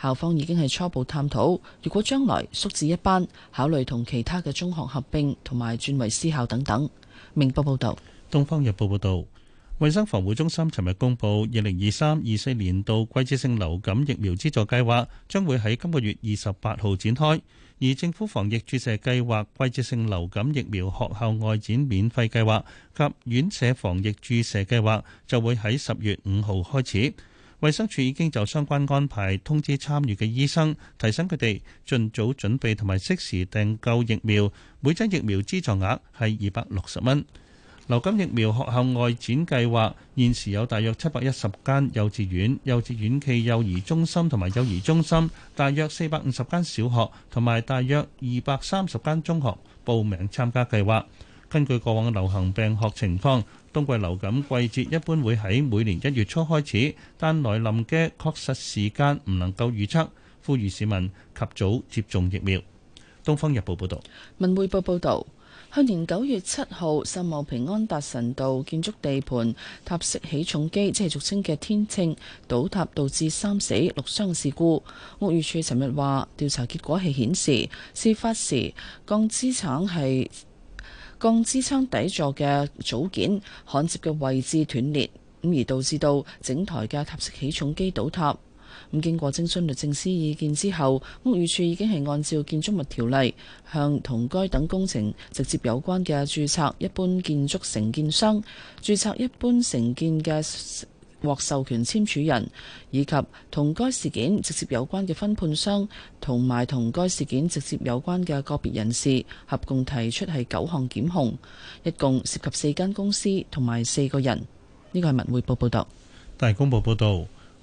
校方已經係初步探討，如果將來縮至一班，考慮同其他嘅中學合併同埋轉為私校等等。明報報道。《東方日報》報道，衛生防護中心尋日公布二零二三二四年度季節性流感疫苗資助計劃將會喺今個月二十八號展開，而政府防疫注射計劃季節性流感疫苗學校外展免費計劃及院舍防疫注射計劃就會喺十月五號開始。衛生署已經就相關安排通知參與嘅醫生，提醒佢哋盡早準備同埋適時訂購疫苗。每劑疫苗資助額係二百六十蚊。流感疫苗學校外展計劃現時有大約七百一十間幼稚園、幼稚園暨幼兒中心同埋幼兒中心，大約四百五十間小學同埋大約二百三十間中學報名參加計劃。根據過往流行病學情況，冬季流感季節一般會喺每年一月初開始，但來臨嘅確實時間唔能夠預測，呼籲市民及早接種疫苗。《東方日報》報道，文匯報報道。去年九月七號，秀茂坪安達臣道建築地盤塔式起重機，即係俗稱嘅天秤，倒塌導致三死六傷事故。屋宇署尋日話，調查結果係顯示，事發時鋼支撐係鋼支撐底座嘅組件焊接嘅位置斷裂，咁而導致到整台嘅塔式起重機倒塌。咁經過徵詢律政司意見之後，屋宇署已經係按照建築物條例，向同該等工程直接有關嘅註冊一般建築承建商、註冊一般承建嘅獲授權簽署人，以及同該事件直接有關嘅分判商同埋同該事件直接有關嘅個別人士合共提出係九項檢控，一共涉及四間公司同埋四個人。呢個係文匯報報導，大公報報導。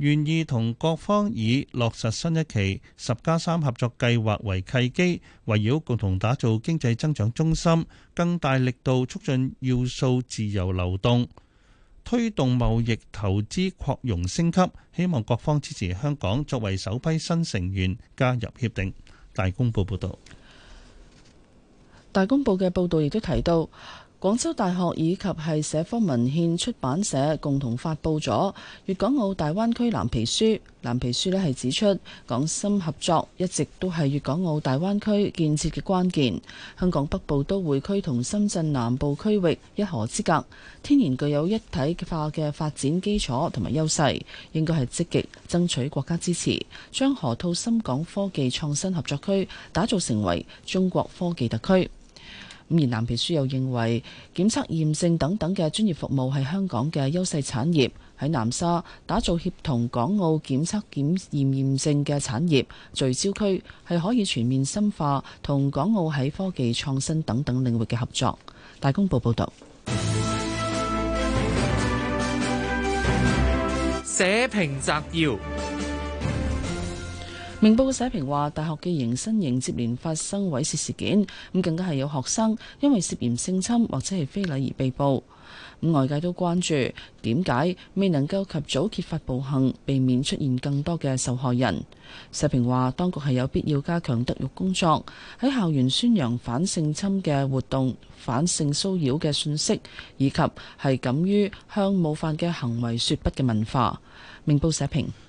願意同各方以落實新一期十加三合作計劃為契機，圍繞共同打造經濟增長中心，更大力度促進要素自由流動，推動貿易投資擴容升級。希望各方支持香港作為首批新成員加入協定。大公報報導。大公報嘅報導亦都提到。廣州大學以及係社科文獻出版社共同發佈咗《粵港澳大灣區藍皮書》，藍皮書呢係指出，港深合作一直都係粵港澳大灣區建設嘅關鍵。香港北部都會區同深圳南部區域一河之隔，天然具有一體化嘅發展基礎同埋優勢，應該係積極爭取國家支持，將河套深港科技創新合作區打造成為中國科技特區。咁而藍皮書又認為，檢測驗證等等嘅專業服務係香港嘅優勢產業，喺南沙打造協同港澳檢測檢驗驗證嘅產業聚焦區，係可以全面深化同港澳喺科技創新等等領域嘅合作。大公報報道。社評摘要。明報嘅社評話，大學嘅迎新迎接連發生猥褻事件，咁更加係有學生因為涉嫌性侵或者係非禮而被捕。咁外界都關注點解未能夠及早揭發暴行，避免出現更多嘅受害人。社評話當局係有必要加強德育工作，喺校園宣揚反性侵嘅活動，反性騷擾嘅信息，以及係敢於向冒犯嘅行為說不嘅文化。明報社評。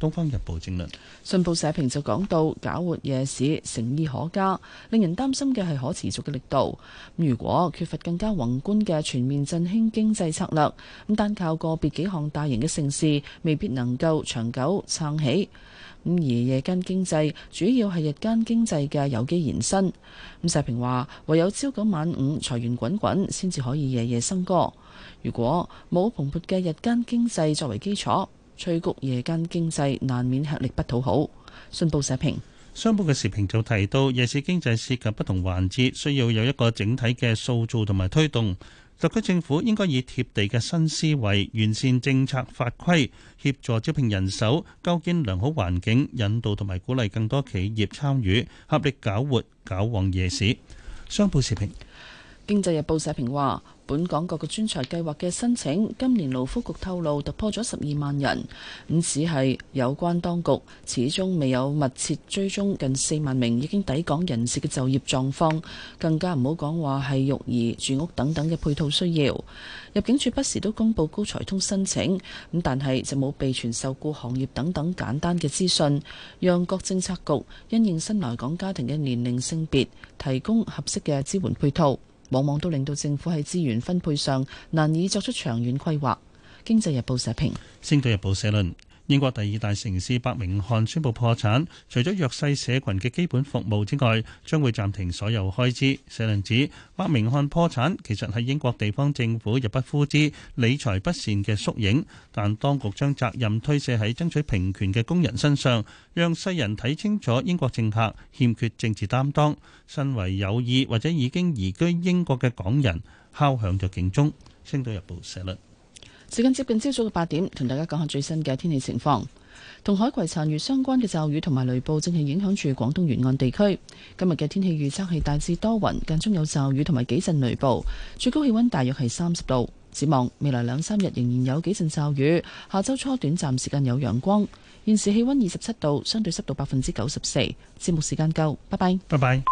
《東方日報》政論，信報社評就講到，搞活夜市誠意可嘉，令人擔心嘅係可持續嘅力度。如果缺乏更加宏觀嘅全面振興經濟策略，咁單靠個別幾項大型嘅盛事，未必能夠長久撐起。咁而夜間經濟主要係日間經濟嘅有機延伸。咁社評話，唯有朝九晚五財源滾滾，先至可以夜夜笙歌。如果冇蓬勃嘅日間經濟作為基礎，催谷夜間經濟，難免吃力不討好。信報社評。商報嘅時評就提到，夜市經濟涉及不同環節，需要有一個整體嘅塑造同埋推動。特區政府應該以貼地嘅新思維，完善政策法規，協助招聘人手，構建良好環境，引導同埋鼓勵更多企業參與，合力搞活搞旺夜市。商報時評。經濟日報社評話，本港各個專才計劃嘅申請今年勞福局透露突破咗十二萬人。咁只係有關當局始終未有密切追蹤近四萬名已經抵港人士嘅就業狀況，更加唔好講話係育兒、住屋等等嘅配套需要。入境處不時都公布高才通申請，咁但係就冇備存受雇行業等等簡單嘅資訊，讓各政策局因應新來港家庭嘅年齡、性別，提供合適嘅支援配套。往往都令到政府喺資源分配上難以作出長遠規劃。經濟日報社評。星島日報社論。英國第二大城市伯明翰宣布破產，除咗弱勢社羣嘅基本服務之外，將會暫停所有開支。社論指伯明翰破產其實係英國地方政府入不敷支、理財不善嘅縮影，但當局將責任推卸喺爭取平權嘅工人身上，讓世人睇清楚英國政客欠缺政治擔當。身為有意或者已經移居英國嘅港人，敲響咗警鐘。星島日報社論。時間接近朝早嘅八點，同大家講下最新嘅天氣情況。同海葵殘餘相關嘅驟雨同埋雷暴正正影響住廣東沿岸地區。今日嘅天氣預測係大致多雲，間中有驟雨同埋幾陣雷暴，最高氣溫大約係三十度。展望未來兩三日仍然有幾陣驟雨，下周初短暫時間有陽光。現時氣溫二十七度，相對濕度百分之九十四。節目時間夠，拜拜，拜拜。